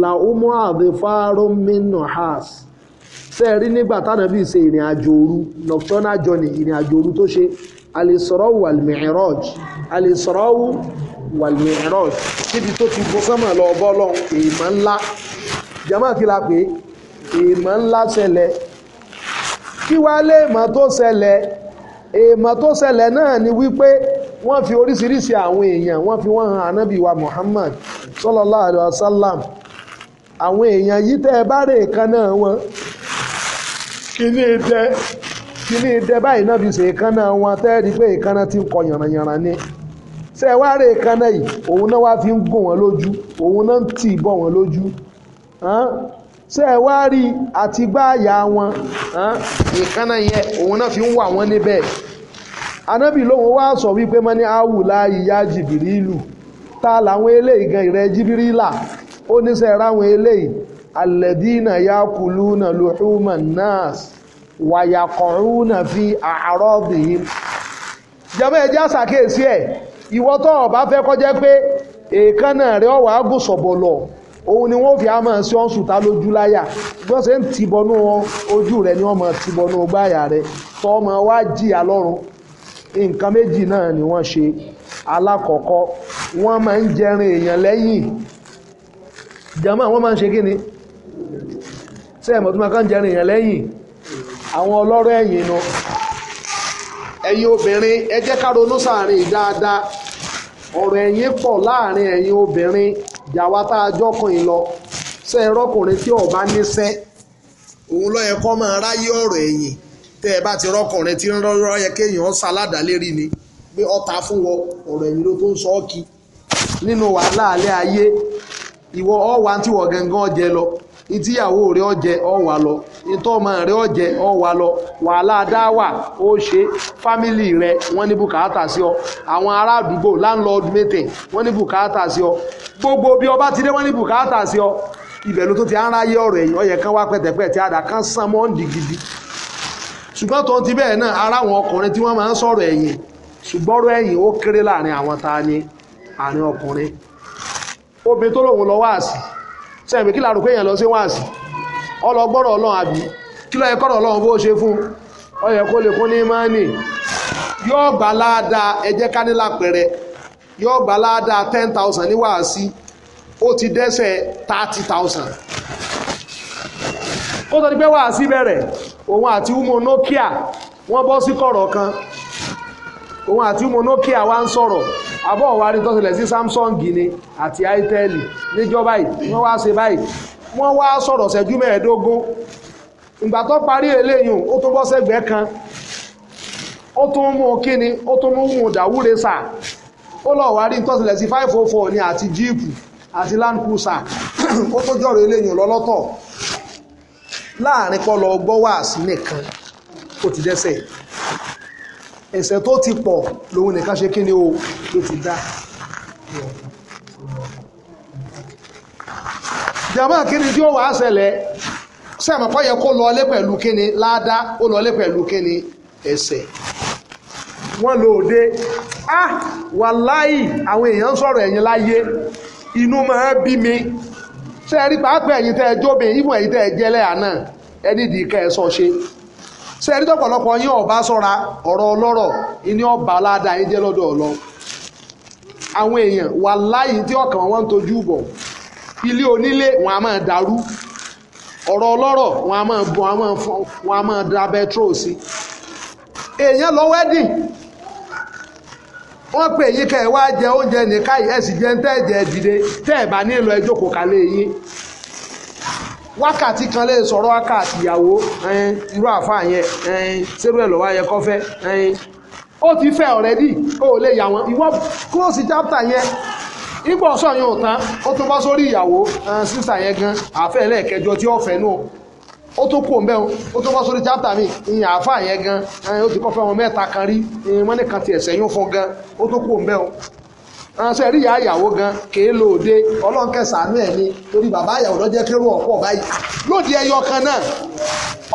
làúmọ́ àdìfáàrọ́mínú has sẹ́ẹ̀rí nígbà tánàbí ṣe ìrìn àjò òru nocturnal journey ìrìn àjò òru tó ṣe alisọ́rọ́wù walmi'raj alisọ́rọ́wù walmi'raj síbi jama kí la pé èèmọ̀ ńlá ṣẹlẹ̀ kí wá lé èèmọ̀ tó ṣẹlẹ̀ èèmọ̀ tó ṣẹlẹ̀ náà ni wípé wọ́n fi oríṣiríṣi àwọn èèyàn wọ́n fi wọ́n hàn ànábì wa Muhammad sallallahu alaihi wasallam àwọn èèyàn yìí tẹ́ ẹ bá rè kan náà wọn kíní dẹ kíní dẹ báyìí náà fi ṣe kan náà wọn tẹ́ rí pé ìkànnà ti kọ yànnàyànnà ni ṣe wá rè kan náà yìí òun náà wá fi ń gùn wọn lójú òun náà ń tì bọ̀ wọn lójú ṣe wá rí àti wọn ìkànnà yẹn òun náà fi ń wà wọ́n níbẹ̀ anábì lóun wá sọ wípé mọ́ ní awùlá ìyá jìbìrì ìlú ta làwọn eléyìí gan ìrẹ́ jìbìrì là ó níṣẹ́ ráwọn eléyìí alẹ́dínà ya kùlú na human nurse wàyàkọ̀rú na fi àárọ̀ bìí jẹ́mọ́ ẹ̀ ìwọ́tọ̀ ọ̀bá fẹ́ kọjá pé èèkánná òun ni wọ́n fi á máa sí ọ̀sùta lójú láyà bó ṣe ń tìbọnú ojú rẹ ni wọ́n máa tìbọnú gbáyà rẹ̀ tọ́mọ wá jìyà lọ́rùn nǹkan méjì náà ni wọ́n ṣe alákọ̀ọ́kọ́ wọ́n máa ń jẹrin èèyàn lẹ́yìn jama wọ́n máa ń ṣe kí ni sẹ́ẹ̀mọ̀ tó máa kán jẹrin èèyàn lẹ́yìn àwọn ọlọ́rọ̀ ẹ̀yìn inú ẹ̀yin obìnrin ẹ jẹ́ ká ronú sáàrin dáadáa ọ̀rọ̀ ẹ̀yìn pọ̀ láàrin ẹ̀yin obìnrin jàwa tá a jọkùnrin lọ ṣe é rọkùnrin tí ọba níṣẹ́ òun ló yẹ kó máa ráyé ọ̀rọ̀ ẹ̀yìn tẹ́ ẹ bá ti rọkùnrin tí ń rọ́rọ́ yẹ kéèyàn ṣaládàá lérí ni pé ọ̀tá fún wọ ọ̀rọ̀ ẹ̀yìn ló tó ń sọ ọ́ kí nínú wàhálà alẹ́ ayé ìwọ ọ̀wà tí wọ̀ gangan jẹ lọ ìtíyàwó rẹ̀ ọ̀jẹ̀ ọ̀wà lọ ìtọ́mọ rẹ̀ ọ̀jẹ̀ ọ̀wà lọ wàhálà dáwà ó ṣe fámìlì rẹ̀ wọ́n ní bùkátà sí ọ àwọn ará àdúgbò láńlọ́ọ̀dù mẹ́tẹ̀ wọ́n ní bùkátà sí ọ gbogbo bí ọba ti dé wọ́n ní bùkátà sí ọ ibẹ̀ ló tó ti aráyé ọ̀rọ̀ ẹ̀yìn ọ̀yẹ̀ kan wá pẹ̀tẹ̀pẹ̀ tí àdá kan sàn mọ́ ǹdí gidi ṣùgbọ́n tó ti bẹ́ẹ̀ náà ara àwọn ọkùnrin tí wọ́n máa ń sọ̀rọ̀ ẹ̀yìn ṣùgbọ́n ọ̀rọ̀ ẹ̀yìn ó kéré láàrin àwọn ta ni àárín ọkùnrin obìnrin tó lòun lọ wáàsí sẹ́yìn pé kí láàrú pé èèyàn lọ sí wáàsí ọlọgbọ́rọ̀ ọlọ́run àbí kí lọ́yẹ kọ́rọ̀ ọlọ́run bó ṣe fún ọyẹ kó lè kún ní mánì yóò gbà láàdáa ẹjẹ́ kánílà pẹ̀rẹ̀ yóò gbà láàdáa ten thousand ní wáàsí ó ti dẹ́sẹ̀ thirty thousand ó sọ ní pé wáàsí bẹ̀rẹ̀ òun àti umo nokia wọ́n bọ́ sí kọ̀rọ̀ kan òun àti umo nokia wá ń sọ̀rọ̀ àbọ̀ òwárí tó ṣẹlẹ̀ sí Samsung ni àti Itel níjọba yìí wọ́n wá ṣe báyìí wọ́n wá sọ̀rọ̀ ṣẹ́jú mẹ́ẹ̀ẹ́dógún ìgbà tó parí eléyìí ó tún bọ́ sẹ́gbẹ́ kan ó tún mú kíni ó tún mú dàwúre sà ó lọ wá rí tó ṣẹlẹ̀ sí five oh four ni àti jíìpù àti Land Cruiser ó tún jọ̀rọ̀ eléyìí lọ́lọ́tọ̀ láàrin kọ́ lọ gbọ́ wáàsí nìkan ó ti dẹ́sẹ̀ ẹ̀ṣẹ̀ tó ti pọ̀ lòun nìkan ṣe kíni o ló ti dá jàmá kíni tí ó wàá ṣẹlẹ̀ sẹ́mi pọ́ yẹ kó lọlé pẹ̀lú kíni ládá ó lọlé pẹ̀lú kíni ẹ̀ṣẹ̀ wọ́n lò dé ah wàláì àwọn èèyàn ń sọ̀rọ̀ ẹ̀yìn láyé inú máa bí mi ṣe rí pàápàá ẹ̀yìn tẹ́ ẹ jóbìn ìfún ẹ̀yìn tẹ́ ẹ jẹ́lẹ̀ àná ẹni dìí kẹ́ ẹ sọ ṣe ṣe ẹni tọ́pọ̀lọpọ̀ yín ọba sọ́ra ọ̀rọ̀ ọlọ́rọ̀ ìní ọba aládà yín jẹ́ lọ́dọ̀ ọlọ àwọn èèyàn wà láyìí tí ọkàn wọn ń tojú bọ̀ ilé onílé wọn a máa dàrú ọ̀rọ̀ ọlọ́rọ̀ wọn a máa bọ̀ wọn a máa da sí èèyàn wọ́n pè yín kẹ́ ẹ wá jẹ oúnjẹ ẹ̀ sì jẹ́ ń tẹ́ ẹ̀jẹ̀ dìde tẹ́ ẹ̀ bá ẹjọ́ kò kálẹ̀ wákàtí kan lè sọ̀rọ̀ wákàtí ìyàwó irú àfa yẹn sẹ́rù ẹ̀ lọ́wọ́ ayẹkọ́ fẹ́ ó ti fẹ́ ọ̀rẹ́dì ó lè yà wọ́n ìwọ close chapter yẹn ipò ọ̀sán yẹn ò tán ó tún bá sórí ìyàwó sísà yẹn gan àfẹ́ ẹlẹ́ẹ̀kẹjọ tí ó fẹ́ nù ó tún kó mbẹ́ ó tún bá sórí chapter mi ìyìn àfa yẹn gan ó ti kọ́ fẹ́ wọn mẹ́ta kan rí wọ́n ní kan ti ẹ̀sẹ̀ yún fún gan ó tún kó mbẹ́ ránṣẹ́ rí ìyá ìyàwó gan kèé lo òde ọlọ́nkẹsàánú ẹ̀ ni torí bàbá ìyàwó lọ́jẹ́ ọ̀pọ̀ báyìí lóde ẹyọ kan náà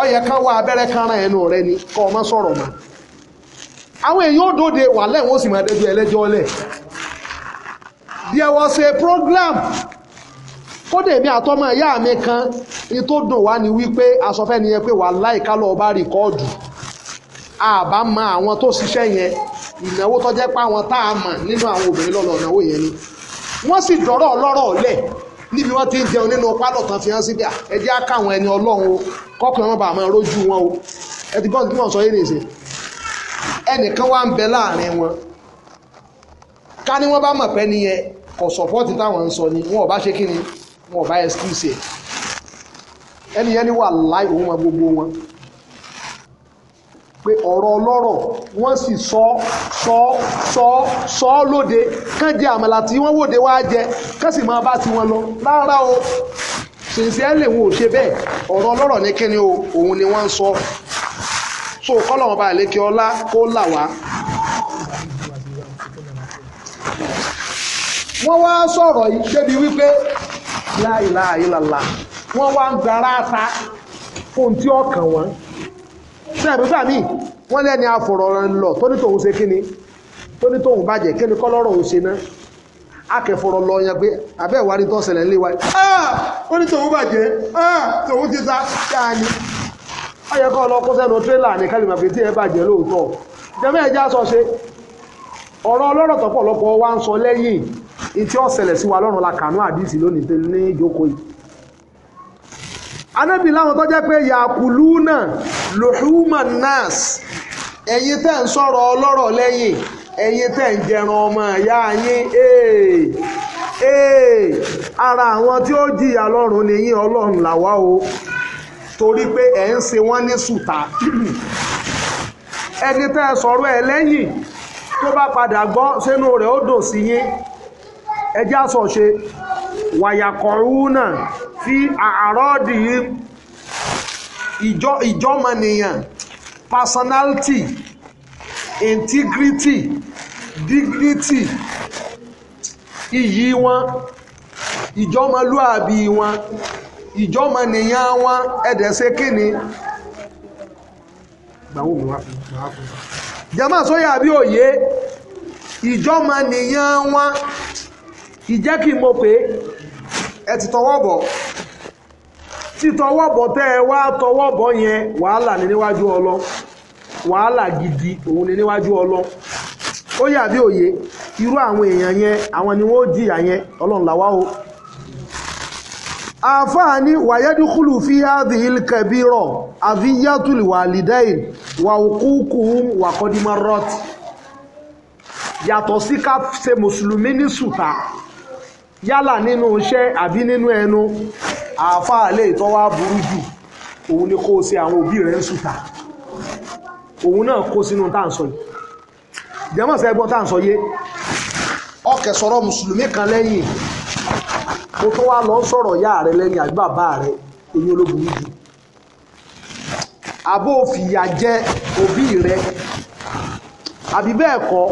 ọyẹ kan wá abẹ́rẹ́ kan ara ẹnu rẹ ni kọ́ sọ̀rọ̀ mọ́ àwọn èèyàn ó dòde wà lẹ́wọ̀n ó sì máa dẹ́jú ẹlẹ́jọ́ lẹ̀ there was a program Kódé mi ìyá mi kan ni tó dùn wá ni wípé yẹn pé wà lọ́ọ́ ìnáwó tó jẹ́ pé àwọn tá a mọ̀ nínú àwọn obìnrin lọ́lọ́ ìnáwó yẹn ni wọ́n sì dọ̀rọ̀ lọ́rọ̀ lẹ̀ níbi wọ́n ti ń jẹun nínú pálọ̀ tán fi hàn síbi ẹjẹ́ á káwọn ẹni ọlọ́run o kọ́kùnrin wọn bá máa wọn o ẹ ti gbọ́n sọ yé nìyẹn ẹnìkan wá ń bẹ láàrin wọn ká ní wọ́n bá mọ̀ pé nìyẹn kò sọ̀pọ́ọ̀tì táwọn ń sọ ni wọn ò bá ṣe kí ni wọn ò bá excuse ẹ ẹnìyẹn ni wà láì òun mọ gbogbo wọn pé ọ̀rọ̀ ọlọ́rọ̀ wọ́n sì sọ sọ sọ sọ lóde kán jẹ àmàlà tí wọ́n wòde wá jẹ kán sì máa bá tiwọn lọ rárá o sincerely wọn ò ṣe bẹ́ẹ̀ ọ̀rọ̀ ọlọ́rọ̀ ní kíni o òun ni wọ́n ń sọ so kọ́lọ̀ wọn bá lékè ọlá kó là wá. wọ́n wá sọ̀rọ̀ yìí débi wípé láìláìlàlà wọ́n wá ń gbára ta fóun tí ọkàn wọn àbíkà míì wọ́n lẹ́ni afọ̀rọ̀ lọ tó ní tòun ṣe kíni tó ní tòun bàjẹ́ kíni kọ́ lọ́rọ̀ òun ṣe náà akẹfọ̀rọ̀ lọ yan pé abẹ́ ìwárí tó ṣẹlẹ̀ nílé wa ó ní tòun bàjẹ́ tòun ti sá dáa ni ayẹ́kọ́ lọ kó sẹ́nu tírélà ní kálìmà fi tí ẹ bàjẹ́ lóòótọ́ jẹ́mẹ́ ẹjá sọ ṣe ọ̀rọ̀ ọlọ́rọ̀ tọ́pọ̀lọpọ̀ wa ń sọ lẹ́yìn ìtí ó ṣẹlẹ̀ sí wa lọ́rùn la kànú àdìsí lónìí ní ìjókòó yìí anábì láwọn tó jẹ́ pé yàkùlú náà lòhùmà nas ẹ̀yin tẹ́ ń sọ̀rọ̀ ọlọ́rọ̀ lẹ́yìn ẹ̀yin tẹ́ ń jẹran ọmọ ìyá yín ara àwọn tí ó jìyà lọ́rùn nìyí ọlọ́run làwa o torí pé ẹ̀ ń ṣe wọ́n ní sùtà (clears throat) ẹni tẹ́ ẹ sọ̀rọ̀ ẹ lẹ́yìn tó bá padà gbọ́ sínú rẹ̀ ó dùn sí yín ẹjẹ́ àsọ̀ṣe wàyàkọ̀rúnà fi àárọ̀dì ìjọ́mọ̀nìyàn personality integrity dignity iyì wọn ìjọ́mọlúàbí wọn ìjọ́mọ̀nìyàn wọn ẹ̀dẹ̀ṣe kíni gbàwó mi wá fún wa jama sóyà bí òye ìjọ́mọ̀nìyàn wọn kì í jẹ́ kí n mọ̀ pé ẹ ti tọwọ́ bọ̀ títọwọ́ bọ̀ tẹ́ ẹ wá tọwọ́ bọ̀ yẹn wàhálà ní níwájú ọlọ́ wàhálà gidi òun ní níwájú ọlọ́ ó yà bí òye irú àwọn èèyàn yẹn àwọn ni wọ́n jìyà yẹn ọlọ́run làwá o àfáàní wàyẹ́dúkúlù fi hadhihi al-kabira àfíyàtúlì wàlídẹ́yìn wà òkúkùhùn wà kọ́dímọ́rọ́tì yàtọ̀ sí ká ṣe mùsùlùmí ní sùtà yálà nínú iṣẹ́ àbí nínú ẹnu àáfàá lè tọ́wá burú jù òun ni kó o ṣe àwọn òbí rẹ̀ ń sùtà òun náà kó sínú tá à ń sọ yìí jẹ́mọ̀ sẹ́gbọ́n tá à ń sọ yé ọkẹ̀ sọ̀rọ̀ mùsùlùmí kan lẹ́yìn mo tó wá lọ sọ̀rọ̀ yá rẹ lẹ́yìn àgbà bá rẹ èyí olóbùrú jù àbó fìyà jẹ òbí rẹ àbí bẹ́ẹ̀ kọ́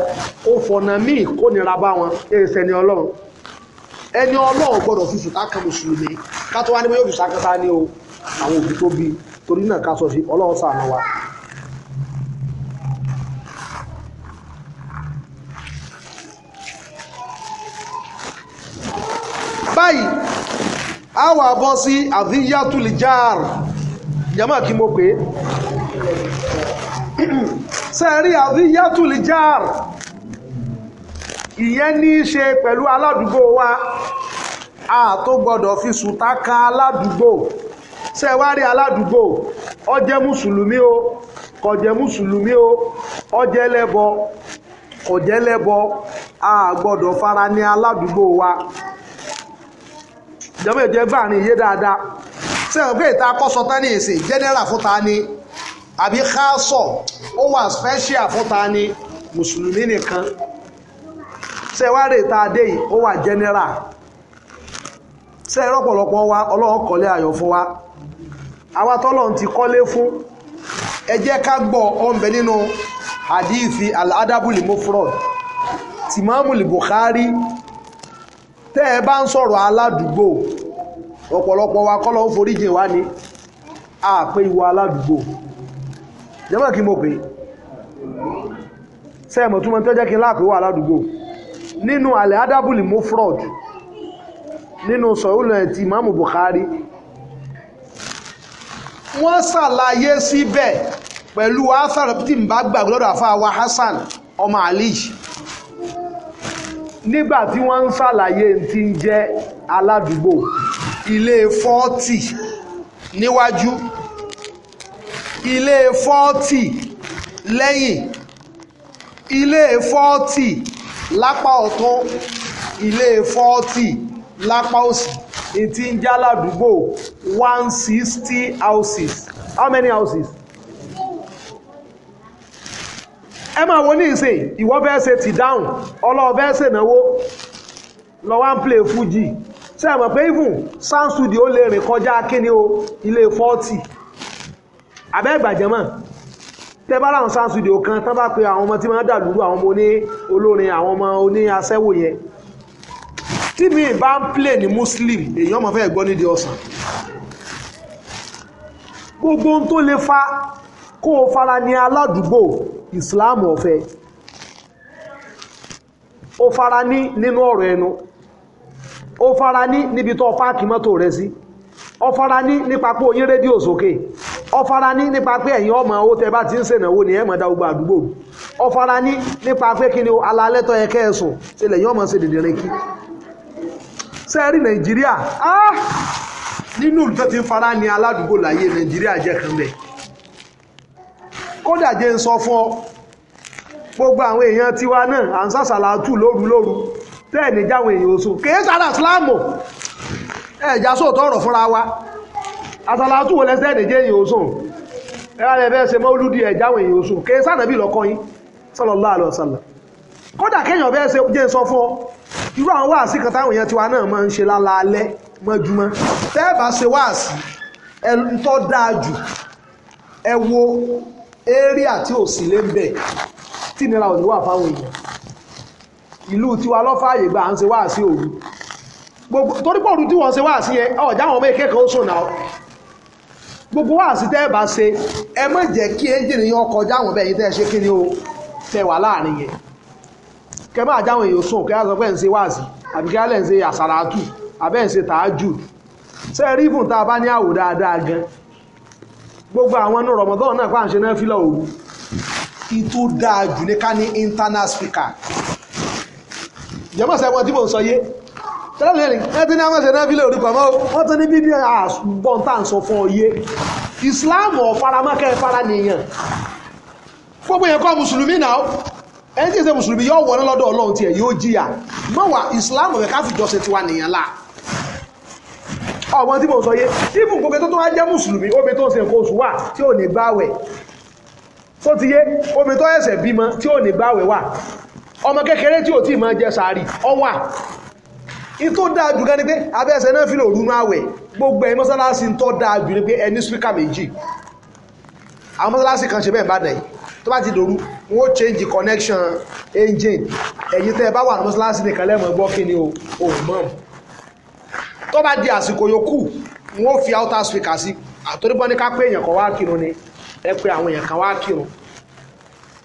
ó fọ̀nà míì kó nira bá wọn èsẹ̀ ni ọlọ́run ẹni ọlọ́run gbọ́dọ̀ fi sùtá kan mùsùlùmí ká tó wá ní bóyá òfìsà kan sáà ní o àwọn òbí tó bí torí náà ká sí ọlọ́run ṣàánú wa. báyìí a wà bọ́ sí àdíyàtúlì jáàr jama kí mo pè é àdíyàtúlì (clears throat) jáàr ìyẹn ní í ṣe pẹ̀lú aládùúgbò wa a tó gbọ́dọ̀ fi sùtá ka aládùúgbò ṣe wá rí aládùúgbò ó jẹ́ mùsùlùmí o kò jẹ́ mùsùlùmí o ó jẹ́ lẹ́bọ kò lẹ́bọ a gbọ́dọ̀ fara ní aládùúgbò wa ìjọba ìjọba ìbáàrin yé dáadáa ṣe wọ́n pé ìta kọ́sọ tán ní ìsìn jẹ́nẹ́rà fún ta ni àbí káàsọ̀ ó wà special fún ta ni mùsùlùmí nìkan sẹ́wárè tá a dé yìí ó wà general sẹ́ẹ̀rọ pọ̀lọpọ̀ wa ọlọ́run kọ́lé ayọ̀ fún wa àwa tọ́lọ́run ti kọ́lé fún ẹ jẹ́ ká gbọ́ ọ̀nbẹ nínú hadithi al-adabuli mufrod timamuli Bukhari tẹ́ ẹ bá ń sọ̀rọ̀ aládùúgbò ọ̀pọ̀lọpọ̀ wa kọ́ ló ń foríjì wá ní àpé ìwọ aládùúgbò jẹ́mọ̀ kí mo pè sẹ́ẹ̀mọ̀ túnmọ̀ tó jẹ́ kí n láàpé wà aládùúgbò nínú alẹ́ adábùlì mufrod nínú sọ̀rọ̀lẹ̀ ti imamu Bukhari wọ́n ṣàlàyé síbẹ̀ pẹ̀lú athar tí ń bá gbàgbé lọ́dọ̀ àfa wa Hasan ọmọ Ali nígbà tí wọ́n ń ṣàlàyé tí ń jẹ́ aládùúgbò ilé fọ́ọ̀tì níwájú ilé fọ́ọ̀tì lẹ́yìn ilé fọ́ọ̀tì lápá ọ̀tún ilé fọ́ọ̀tì lápá òsì ètí ń já ládùúgbò one sixty houses how many houses? ẹ máa wo ní ìsìn ìwọ fẹ́ ṣe ti dáhùn ọlọ́ọ̀ fẹ́ ṣe náwó lọ wá ń play fuji ṣe àmọ̀ pé even sound studio lè rìn kọjá kíni o ilé fọ́ọ̀tì abẹ́ ìgbàjẹ́mọ̀ tẹ́bára àwọn sound studio kan tán bá pe àwọn ọmọ tí máa ń dàlúrú àwọn ọmọ oní olórin àwọn ọmọ oní aṣẹ́wò yẹn tí mi bá ń play ní muslim èèyàn mọ̀ fẹ́ gbọ́ nídìí ọ̀sán gbogbo ohun tó lè fa kó o fara ní aládùúgbò islam ọ̀fẹ́ o fara ní nínú ọ̀rọ̀ ẹnu o fara ní níbi tó páàkì mọ́tò rẹ sí o fara ní nípa pé oyin rédíò sókè. Okay ọ̀fara ní nípa pé ẹ̀yin ọmọ owó tẹ bá ti ń ṣènáwó ni ẹ máa da gbogbo àdúgbò ọ̀fara ní nípa pé kí ni alalẹ́ tọ́ yẹ kẹ́ẹ̀sùn ṣe lẹ́yìn ọmọ ṣe dèdè rẹ́kí sẹ́ẹ̀rì nàìjíríà nínú ìlú tó ti ń fara ní aládùúgbò láyé nàìjíríà jẹ́ kan bẹ̀ kódà jẹ́ ń sọ fún ọ gbogbo àwọn èèyàn tiwa náà à ń sàṣàlátù lóru lóru tẹ́ẹ̀ níjà àwọn èèyàn oṣù kèé sára síláàmù ẹ̀já sóòtọ́ ọ̀rọ̀ fúnra wa àsàlátù wo lẹ́sẹ̀ ẹ̀dẹ̀jẹ́ èyí oṣù ẹ̀rọ rẹ̀ fẹ́ ṣe mọ́lúdì ẹ̀jáwọ̀ èyí oṣù kì í sànàbí lọ́kọ́ yín sallallahu alaihi wasallam kódà kéèyàn bẹ́ẹ̀ ṣe jẹ́ sọ fún ọ irú àwọn wáàsí kan táwọn èèyàn tiwa náà máa ń ṣe lálaalẹ́ mọ́júmọ́ tẹ́ẹ̀ bá ṣe wáàsí ẹ̀ ń tọ́ dáa jù ẹ wo area tí ò sí lé ń bẹ̀ tí nira ò ní wà fáwọn èèyàn ìlú tiwa lọ́fààyè gba à ń ṣe wáàsí òru gbogbo torí pọ̀ òru tí wọ́n ṣe wáàsí yẹn ọ̀já àwọn ọmọ ìkẹ́kọ̀ọ́ sùn náà gbogbo wa sí tẹ́ ẹ bá ṣe ẹ má jẹ́ kí ẹ́ńjìnì yẹn kọjá àwọn bẹ́ẹ̀ yìí tẹ́ ẹ ṣe kí ni o tẹ wà láàrin yẹn kẹ máa jáwọn èèyàn sùn kẹ́ ẹ sọ pé ń ṣe wáàsí àbí kẹ́ ẹ ń ṣe àsàràtù àbẹ́ ń ṣe tààjù ṣe rí fún a bá ní àwò dáadáa gan gbogbo àwọn inú rọmọdọ́n náà pa à ń ṣe náà fílà òru ìtò dáa jù ní ká ní internal speaker jẹ́mọ̀ sẹ́wọ́n tí mò ń sọ yé tẹ́lẹ̀rìn ẹtí ní àwọn ìṣẹ̀lẹ̀ fílẹ̀ orúkọ mọ́ wọ́n tún ní bíbí àgbọ̀n ah, tá à ń sọ fún ọyé ìsìláàmù ọ̀faramọ́kẹ́ fara nìyàn gbogbo yẹn kọ́ mùsùlùmí náà ẹni tí ìṣe mùsùlùmí yóò wọlé lọ́dọ̀ ọlọ́run tiẹ̀ yóò jìyà mọ́wàá ìsìláàmù rẹ̀ káfí jọ́sẹ̀ tiwa nìyàn la ọ̀gbọ́n tí mo sọ yé ibùn gbogbo tó tó wá jẹ́ mùsùlùmí omi tó ń ṣe nǹkan oṣù wà tí ò ní gbáwẹ̀ tó ti yé omi tó ẹ̀sẹ̀ bímọ tí ò ní gbáwẹ̀ wà ọmọ kékeré tí ò tí ì máa jẹ sàárì ọ wà ìtò dáa jù gan ni pé abẹ́ẹ̀sẹ̀ náà fi lè òrùn àwẹ̀ gbogbo ẹ̀ mọ́sálásí tó dáa jù ni pé ẹni spíkà méjì àwọn mọ́sálásí kan ṣe bẹ́ẹ̀ bá dẹ̀ tó bá ti dòru wọ́n ó change connection engine ẹ̀yin tẹ́ ẹ bá wà ní mọ́sálásí nìkan lẹ́mọ̀ gbọ́ kí ni o ò mọ̀ tó bá di àsìkò yòókù wọ́n fi outer speaker sí àtòrígbọ́n ní ká pé èèyàn kan wá kírun ni ẹ pé àwọn èèyàn kan wá kírun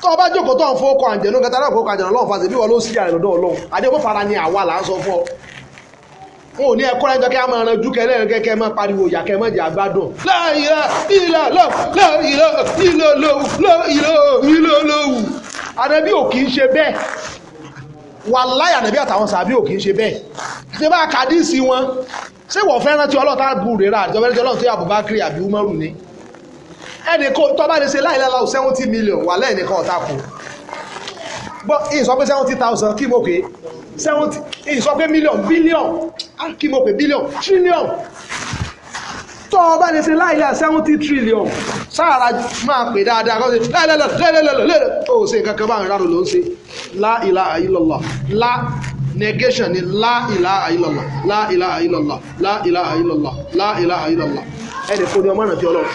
tó o bá jókòó tó ń fọ́ ọkọ̀ àǹjẹ̀nú kẹta náà kọ́kọ́ àǹjẹ̀nú ọlọ́run fàṣẹ bí wọ́n ló sí àrẹ lọ́dọ̀ ọlọ́run àdéhùn fara ni àwa là ń sọ fún ọ. n ò ní ẹkọ ẹjọ kí a máa ranjú kẹlẹ rẹ kẹkẹ máa pariwo ìyá kẹ máa jẹ àgbádùn. láìlọ ìlọ lọ láìlọ ìlọ lọwù láìlọ ìlọ lọwù. àdàbí ò kì í ṣe bẹ́ẹ̀ wàláyà àdàbí àtàwọn sàbí ò kì í ṣe bẹ́ẹ̀ ṣé bá kàdíìsì wọn ṣé wọ́n fẹ́ràn tí ọlọ́ta bù rẹ̀ rà àjọ ẹnìkan tó bá lè ṣe láìláìlá ò seventy million wà lẹ́ẹ̀nìkan ọ̀tá kù gbọ́ ìsọ pé seventy thousand kí mo pè seventy ìsọ pé million billion kí mo pè billion trillion tó o bá lè ṣe láìláìlá seventy trillion sáàrà máa pè dáadáa kọ́ sí láìláìlá lẹ́lẹ́lẹ́lẹ́ ó ṣe nǹkan kan báyìí rárá ló ń ṣe láìlá àyílọ́lá lá negation ni láìlá àyílọ́lá láìlá àyílọ́lá láìlá àyílọ́lá láìlá àyílọ́lá ẹnì fún ni ọmọ ìrántí ọlọ́run.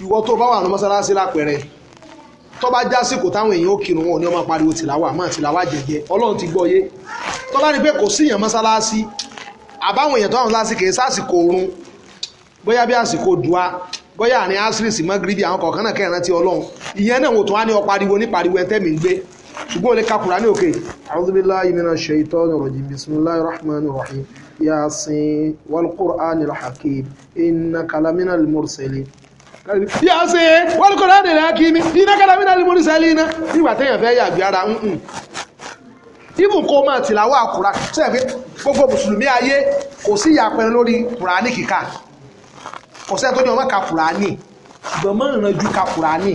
ìwọ tó bá wà ní mọ́sálásí lápẹ̀rẹ̀ tó bá jásìkò táwọn èèyàn ó kírun wọn ni wọ́n pariwo tìláwà máa tìláwà jẹjẹ ọlọ́run ti gbọ́ tó bá rí pé kò síyàn mọ́sálásí àbáwọn èèyàn tó àwọn mọ́sálásí kìí sásìkò oorun bóyá bí àsìkò dùá bóyá àní asirisi magribi àwọn kọ̀ọ̀kan náà kẹ́rin rántí ọlọ́run ìyẹn náà wò tó wá ní ọpariwo ní pariwo ẹ̀tẹ́ mi ń kakura ní òkè. a'udhu billahi minash shaitonir rajim bismillahir rahim yasin wal qur'anil hakim innaka laminal mursalin yà ṣe é wọ́n kọ́ láti rẹ̀ kí ni iná kára mi náà ni mo ní sẹ́lí iná nígbà téèyàn fẹ́ yàgbé ara nǹkan ibùn kó máa tìláwọ́ àkùrà sẹ́yìn pé gbogbo mùsùlùmí ayé kò sí ìyàpẹ̀rẹ̀ lórí kùránì kíkà kò sẹ́yìn tó ní ọmọ ka kùránì ṣùgbọ́n mọ́ ìrànjú ka kùránì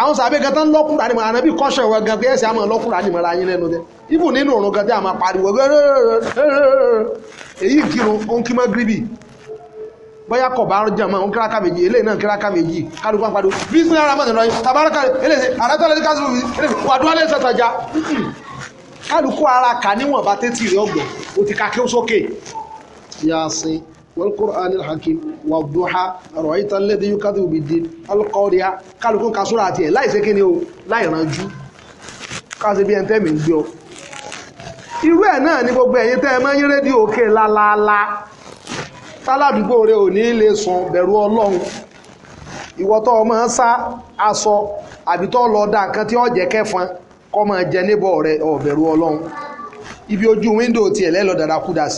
àwọn sàbẹ̀ gan tán lọ́kùnrin àdìmọ̀ ànábì kọ́ṣọ̀ ìwọ gan pé ẹ̀sìn àmọ́ lọ́kùnrin àdìmọ̀ ara yín lẹ́nu dẹ ibùn nínú òrùn gan tí a máa pariwo èyí kírun ó ń kí mọ́ gíríbì bóyá kọ̀ bá jẹ́ ọmọ òun kíráká méjì eléyìí náà kíráká méjì kálukú àpàdé bí sinmi ara mọ̀tẹ̀ lọ́yìn tàbáraka eléyìí àrẹ́tọ́lẹ́ ní kásìlú eléyìí wàdúrà lè sọ̀tàjà kálukú ara kà níwọ̀n bá tẹ́tì rẹ̀ ọgbọ̀n ó ti ka kí ó sókè. yasin wal qur'anil hakim wà duha ọ̀rọ̀ ìtàn lẹ́dí yóò kádùn òbí di alukọ́ríà kálukú ka súra àti ẹ̀ láì ṣe kíni o láì ranjú irú ẹ̀ náà ni gbogbo ẹ̀yin tẹ́ ẹ máa ń rédíò òkè lálálá Tala rẹ ò ní lè bẹ̀rù ọlọ́run ìwọ ọmọ sá aṣọ àbí tó lọ tí ó jẹ́ kẹfọn kó jẹ níbọ̀ rẹ ò bẹ̀rù ọlọ́run ibi ojú wíńdò tiẹ̀ lẹ́lọ dáadáa kú dà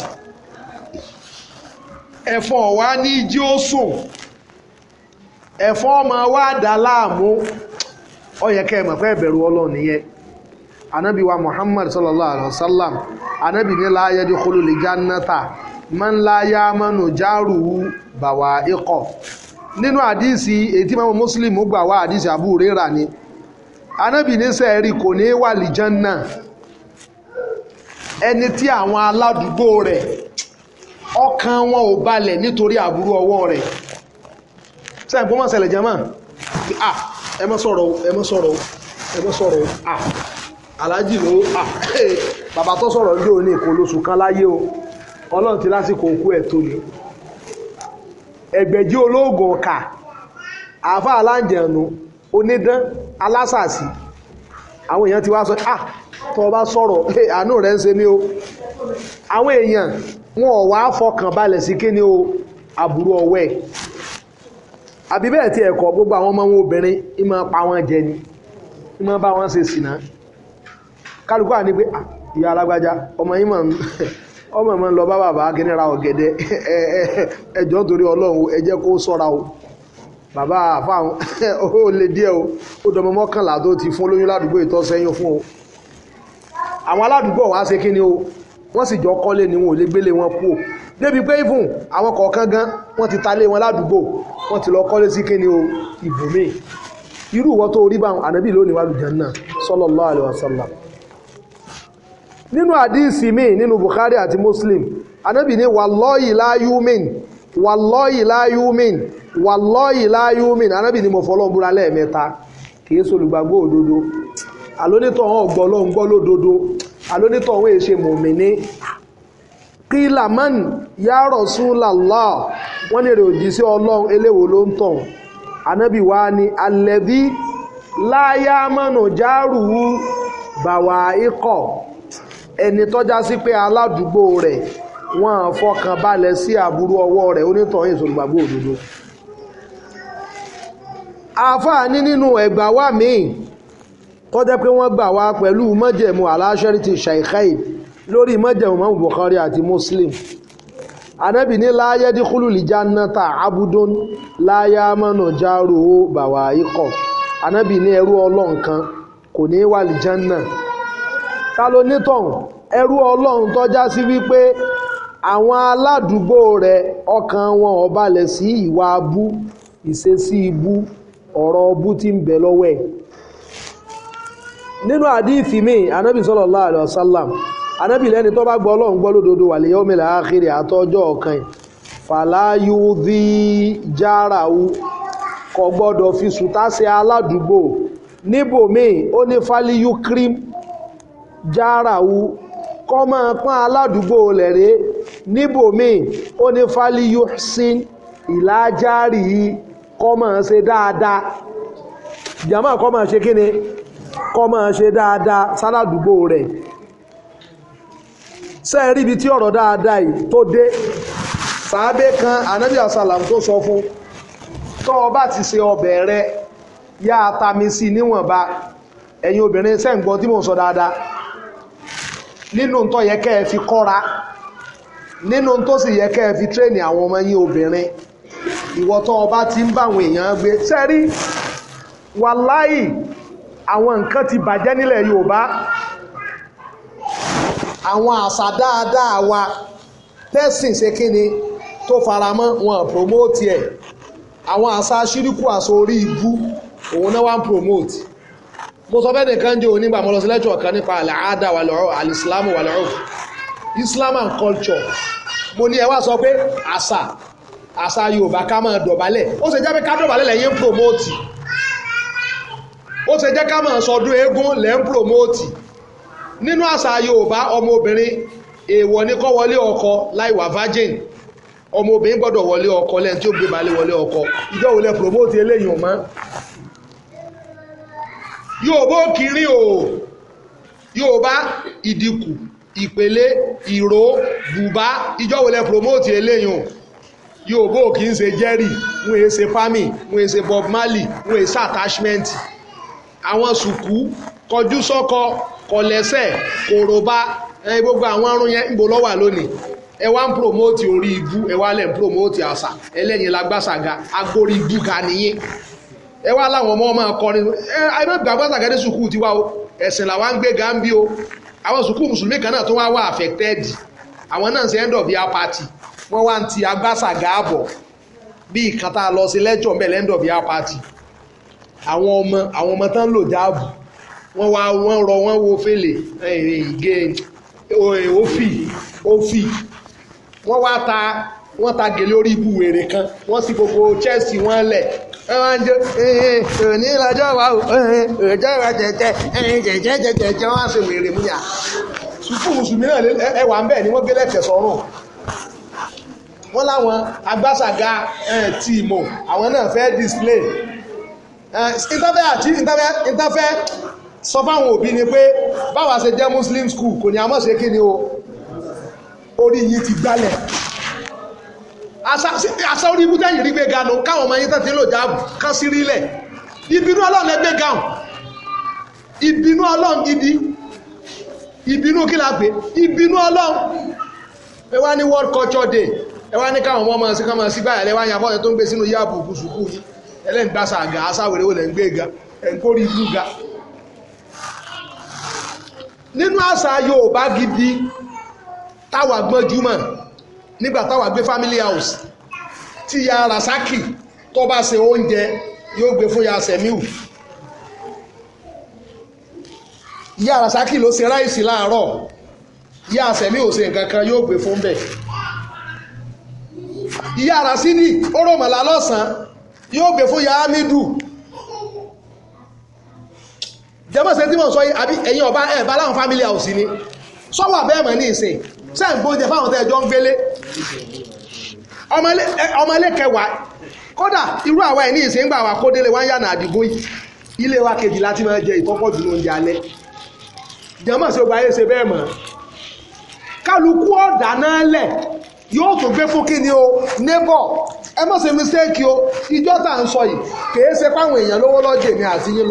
wa ní ó sùn ọmọ wa dà láàmú anabi muhammad sallallahu alaihi wa sallam anabi mọ́nláyà mọ́nù járùú bàwà ikọ̀ nínú àdìsí ètí mọ́mọ́ muslim gbà wá àdìsí Abu Huraira ni anábì níṣẹ́ rí kò ní wà lìjàn náà ẹni tí àwọn aládùúgbò rẹ̀ ọkàn wọn ò balẹ̀ nítorí àbúrú ọwọ́ rẹ̀ sẹ́yìn pọ́nmọ́ ṣẹlẹ̀ jẹ́mọ́ ah ẹ mọ́ sọ̀rọ̀ ẹ mọ́ sọ̀rọ̀ ẹ mọ́ sọ̀rọ̀ ah alájì ló ah (laughs) bàbá tó soro ní òní kò lóṣù kan láyé o ọlọ́run ti lásìkò òkú ẹ̀ tó ni ẹgbẹ̀jì olóògùn ọ̀kà àáfà aláǹjẹ̀nu onídán alásàsì àwọn èèyàn ti wá sọ ah tó o bá sọ̀rọ̀ pé eh, àánú rẹ̀ ń ṣe mí o àwọn èèyàn wọn ò wá fọkàn balẹ̀ sí kí ni o àbúrò ọwẹ́ àbí bẹ́ẹ̀ tí ẹ̀kọ́ gbogbo àwọn ọmọ wọn obìnrin ń máa pa wọn jẹ ni ń máa bá wọn ṣe sìnà kálukú àní pé ah, ìyá alágbájá ọmọ yín máa ń (laughs) ọmọ ìmọ̀ ń lọ bá bàbá kíní ra ọ̀gẹ̀dẹ̀ (laughs) ẹjọ́ torí ọlọ́run ẹ jẹ́ kó sọ́ra o bàbá àfáàwọn (laughs) ó lè díẹ̀ o ó dọmọ mọ́kànlá tó ti fún lóyún ládùúgbò ìtọ́ sẹ́yìn fún o àwọn aládùúgbò wa ṣe kíni o wọ́n sì jọ kọ́lé ni wọn ò lè gbélé wọn kú o débi pé even àwọn kọ̀ọ̀kan gan wọ́n ti talé wọn ládùúgbò wọ́n ti lọ kọ́lé sí kíni o ibòmíì irú ìwọ́ tó rí bá àwọn ànábì lónìí wàlùjẹ́ náà sallallahu alaihi wasallam nínú àdíìsì míì nínú Bukhari àti Muslim anábì ní wàlọ́yì láyúmìn wàlọ́yì láyúmìn wàlọ́yì láyúmìn anábì ní mo fọlọ́n búra lẹ́ẹ̀mẹ́ta kìí solùgbàgbọ́ òdodo alónítọ̀ hàn ọgbọ́ ọlọ́run gbọ́ lódodo alónítọ̀ hàn èṣe mòmìnì kí lamán ya Rasulullah wọ́n ní èrè òjíṣẹ́ ọlọ́run eléwo ló ń tàn anábì wa ni bàwà ikọ̀ ẹni tọ́já sí pé aládùúgbò rẹ̀ wọ́n á fọkàn balẹ̀ sí aburú ọwọ́ rẹ̀ onítọ̀hún ìsòlùgbàgbọ́ òdodo àfààní nínú ẹ̀gbà wà míì tọ́jẹ́ pé wọ́n gbà wá pẹ̀lú mọ́jẹ̀mú aláṣẹ́rìtì ṣàìkáì lórí mọ́jẹ̀mú mọ́mú Bukhari àti Muslim anábì ní láyé díkúlù lìjà náta abudon láyé amánà járó bàwá ikọ̀ anábì ní ẹrú ọlọ́nkan kò ní wà lìjà náà ta ló nítọ̀hún ẹrú ọlọ́run tọ́já sí wípé àwọn aládùúgbò rẹ̀ ọkàn wọn ò balẹ̀ sí ìwà abú ìṣesí ibú ọ̀rọ̀ ọbú tí ń bẹ lọ́wọ́ ẹ̀ nínú àdífì mi anábì sallallahu alaihi wasallam anábì lẹ́ni tó bá gbọ́ ọlọ́run gbọ́ lódodo wà lè yọ́mìlà ákìrì àtọ́jọ́ ọ̀kan fàláyúdí járàú kò gbọ́dọ̀ fi sùtá sí aládùúgbò níbòmíì ó ní fáliyú krim járawu kọ́ máa pọ́n aládùúgbò rẹ̀ ré níbòmíì ó ní fáliyú sin ìlàjárì yìí kọ́ máa ṣe dáadáa jàmáà kọ́ máa ṣe kíni kọ́ máa ṣe dáadáa sáládùúgbò rẹ̀ sẹ́ẹ̀rí ibi tí ọ̀rọ̀ dáadáa yìí tó dé sàábé kan ànábì àsàlám tó sọ fún tọ́ ọ bá ti ṣe ọbẹ̀ rẹ yá atami sí níwọ̀nba ẹ̀yin obìnrin sẹ́ǹgbọ́n tí mò ń sọ dáadáa nínú tó yẹ kẹ́ ẹ fi kọ́ra nínú tó sì yẹ kẹ́ ẹ fi tírẹ́nì àwọn ọmọ yín obìnrin ìwọ tó ọba ti ń báwọn èèyàn gbé sẹ́rí wàláì àwọn nǹkan ti bàjẹ́ nílẹ̀ Yorùbá àwọn àṣà dáadáa wa tẹ́sìn ṣe kíni tó faramọ́ wọn promote ẹ̀ àwọn àṣà ṣíríkù àṣà orí ibú òun náà wá promote mo sọ fẹ́ẹ́ nìkan jẹ́ onígbà mo lọ sí lẹ́tọ̀ kan nípa àlàáda wà lọ́rọ̀ alìsílámù wà lọ́rọ̀ Islam and culture mo ní ẹ wá sọ pé àṣà àṣà Yorùbá ká máa dọ̀bálẹ̀ ó ṣe jẹ́ pé ká dọ̀bálẹ̀ lẹ́yìn promote ó ṣe jẹ́ ká máa sọdún eégún lẹ́yìn promote nínú àṣà Yorùbá ọmọbìnrin èèwọ̀ ni kó wọlé ọkọ láì wà virgin ọmọbìnrin gbọ́dọ̀ wọlé ọkọ lẹ́yìn tí ó gbé balẹ̀ wọlé ọkọ ìjọ wo lẹ promote eléyìí ò mọ́ yóòbá òkìrí o yóòbá ìdìkù ìpele ìró bùbá ìjọ́wọlẹ̀ promote eléyìn o yóòbá òkì ń ṣe jerry ń wèé ṣe fami ń wèé ṣe bob marley ń wèé ṣe attachment àwọn sùkú kọjú sọ́kọ kọlẹ́sẹ̀ kòròbá ẹ gbogbo àwọn arún yẹn ń lọ́wà lónìí ẹ wá ń promote orí ibú ẹ wá lẹ̀ ń promote àṣà ẹlẹ́yin lágbàṣàga agbórí ibú ga nìyẹn ẹ wá láwọn ọmọ ọmọ akọrin ẹ ẹgbẹ́ gbàgbọ́ sàgẹ́dé sùkúù tiwa o ẹ̀sìn làwọn ń gbé gambi o àwọn sùkúù mùsùlùmí kan náà tó wá wá affected àwọn náà ń ṣe end of year party wọ́n wá ń ti agbásàgà àbọ̀ bí ìkan tá a lọ sí lẹ́jọ̀ mẹ́lẹ̀ end of year party àwọn ọmọ àwọn ọmọ tán lò jáàbù wọ́n wá wọ́n rọ wọ́n wo fèlè ìgé òfì òfì wọ́n wá ta wọ́n ta gèlè orí ibú kan wọ́n sì gbogbo chẹ́ẹ̀sì wọ́n lẹ̀ ẹ máa ń jó eh, eh, òní lọ́jọ́ wa o eh, òjò ìwà jẹjẹ jẹjẹ jẹjẹ jẹ wọn á sì wèrè mú yà. sùkúù mùsùlùmí náà ẹwà ń bẹ̀ ni wọ́n gbé lẹ́kẹ̀ẹ́ sọ́rùn wọ́n láwọn agbáṣàga ti ìmọ̀ àwọn náà fẹ́ display ìtafẹ́ àti ìtafẹ́ sọ fáwọn òbí ni pé báwa ṣe jẹ́ muslim school kò ní a mọ̀ ṣe kí ni o orí yìí ti gbálẹ̀ àṣà orí ibú tẹ̀yìn rí gbé ga nù káwọn ọmọ yín tẹ̀sí lò já kán sí rí lẹ̀ ìbínú ọlọ́run ẹgbẹ́ ga hùn ìbínú ọlọ́run gidi ìbínú kí la pè ìbínú ọlọ́run ẹ wá ní world culture day ẹ wá ní káwọn ọmọ ọmọ sí káwọn sí báyà lẹ́wọ́ àyànfọ́ ọ̀sẹ̀ tó ń gbé sínú yíyá àbùkù sùkú yìí ẹlẹ́ǹgbàsà àgà asáwèrèwò lẹ́ ń gbé ga ẹ̀ ń kórìí ibú ga nínú àṣà Yorùbá gidi táwa gbọ́njú mọ́ nígbà táwa gbé family house tí ya rasaki tó bá ṣe oúnjẹ yóò gbé fún ya semiu. ya rasaki ló ṣe ráìsì láàárọ̀ ya semiu se nǹkan kan yóò gbé fún bẹ́ẹ̀ ìyá rasidi ó lọ́sàn yóò gbé fún ya amidu jẹ́mọ̀sẹ̀ tí mò ń sọ yìí àbí ẹ̀yin ọba ẹ̀ bá láwọn family house ni sọ́wọ́ abẹ́ẹ̀mọ̀ ní ìsìn sẹ́ǹgbóúnjẹ fáwọn tẹ́ẹ̀jọ́ ń gbélé ọmọ kẹwàá kódà irú àwa ẹ̀ ní ìsìn gbà wà kó délé wá ń yànà àdìgún yìí ilé wa kejì láti máa jẹ ìkọ́kọ́ jù lóúnjẹ alẹ́ jẹ́mọ̀ sí ogun ayé ṣe bẹ́ẹ̀ mọ̀ kálukú ọ̀dà náà yóò tún gbé fún kíni o ẹ má mistake o ìjọ tá ń sọ yìí kèé ṣe fáwọn èèyàn lówó lọ́jẹ̀ mi àti yín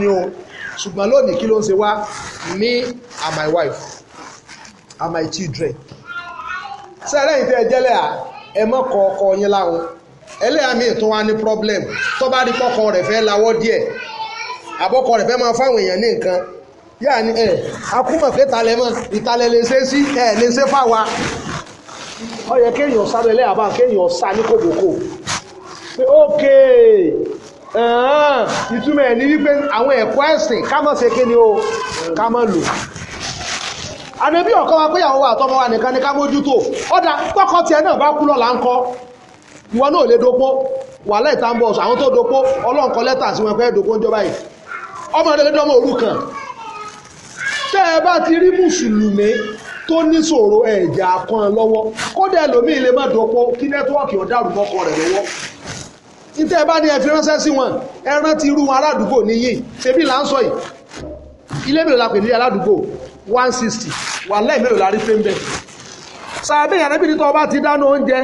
ni o ṣùgbọ́n lónìí kí ló ń wá me and my Are my children sẹ́rẹ́ yìí tẹ́ ẹ jẹ́lẹ̀ à ẹ mọ̀ kọ ọkọ yín láwọn ẹlẹ́yà míì tó wá ní problem tó bá rí kọ́kọ rẹ̀ fẹ́ lawọ́ díẹ̀ àbọ̀kọ rẹ̀ fẹ́ máa fáwọn èèyàn ní nǹkan yáà ni ẹ akúmọ̀ pé talẹ̀ mọ̀ ìtalẹ̀ lè ṣe sí ẹ lè ṣe fáwa ó yẹ kéèyàn sáré lẹ́yà bá kéèyàn sá ní kòbókò pé ókè ìtumọ̀ ẹ̀ ní wípé àwọn ẹ̀kọ́ ẹ̀sìn ká má ṣe kí ni o ká má lò ànábì ọ̀kan wa péyàwó wa àtọmọ wa nìkan ni ká mójútó ọ̀dà tọkọ tiẹ̀ náà bá kú lọ́la ńkọ́ ìwọ náà lè dopó wàhálà ìta ń bọ̀ ọ̀sọ̀ àwọn tó dopó ọlọ́nkọ lẹ́tà sí wọn fẹ́ dopó ń jọba yìí ọmọ rẹ lọ́mọ òru kan tẹ́ ẹ bá ti rí mùsùlùmí tó ní ṣòro ẹ̀jẹ̀ àkan lọ́wọ́ kódà ẹlòmíì lè má dopó kí nẹ́tíwọ́ọ̀kì ọ̀dàrú mọ́kọ rẹ̀ lọ́wọ́ ìtẹ́ ẹ bá ní ẹ fi ránṣẹ́ sí wọn ẹran ti rú wọn aládùúgbò níyì ṣebí là ń sọ yìí ilé mélòó la pè ní aládùúgbò one sixty wà lẹ́ẹ̀mẹ́rin la rí pé ń bẹ̀. sàbẹ̀ yàrá bí nítorí ọba ti dáná oúnjẹ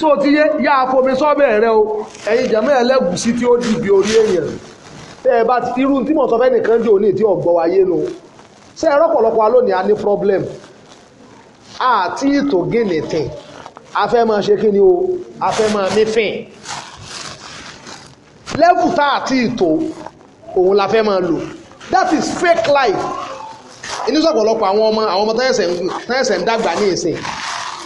só ti yé yá àfomi sọ́bẹ̀ rẹ o ẹ̀yin jẹ̀mọ́ ẹlẹ́gùsí tí ó di ibi orí èèyàn tẹ́ ẹ bá irú tí mo sọ fẹ́ nìkan jẹ́ òní tí ọ̀gbọ́ wáyé nu ṣé ẹ rọ́pọ̀lọpọ̀ alónìí a ní problem àti ìtò gínìtì afẹ́ máa ṣe kí ni o afẹ́ máa mífìn lẹ́fù tá àti ìtò òun la fẹ́ máa lò that is fake life inú sọ̀pọ̀lọpọ̀ àwọn ọmọ àwọn ọmọ tẹ́ẹ̀sẹ̀ ń dàgbà ní ìsìn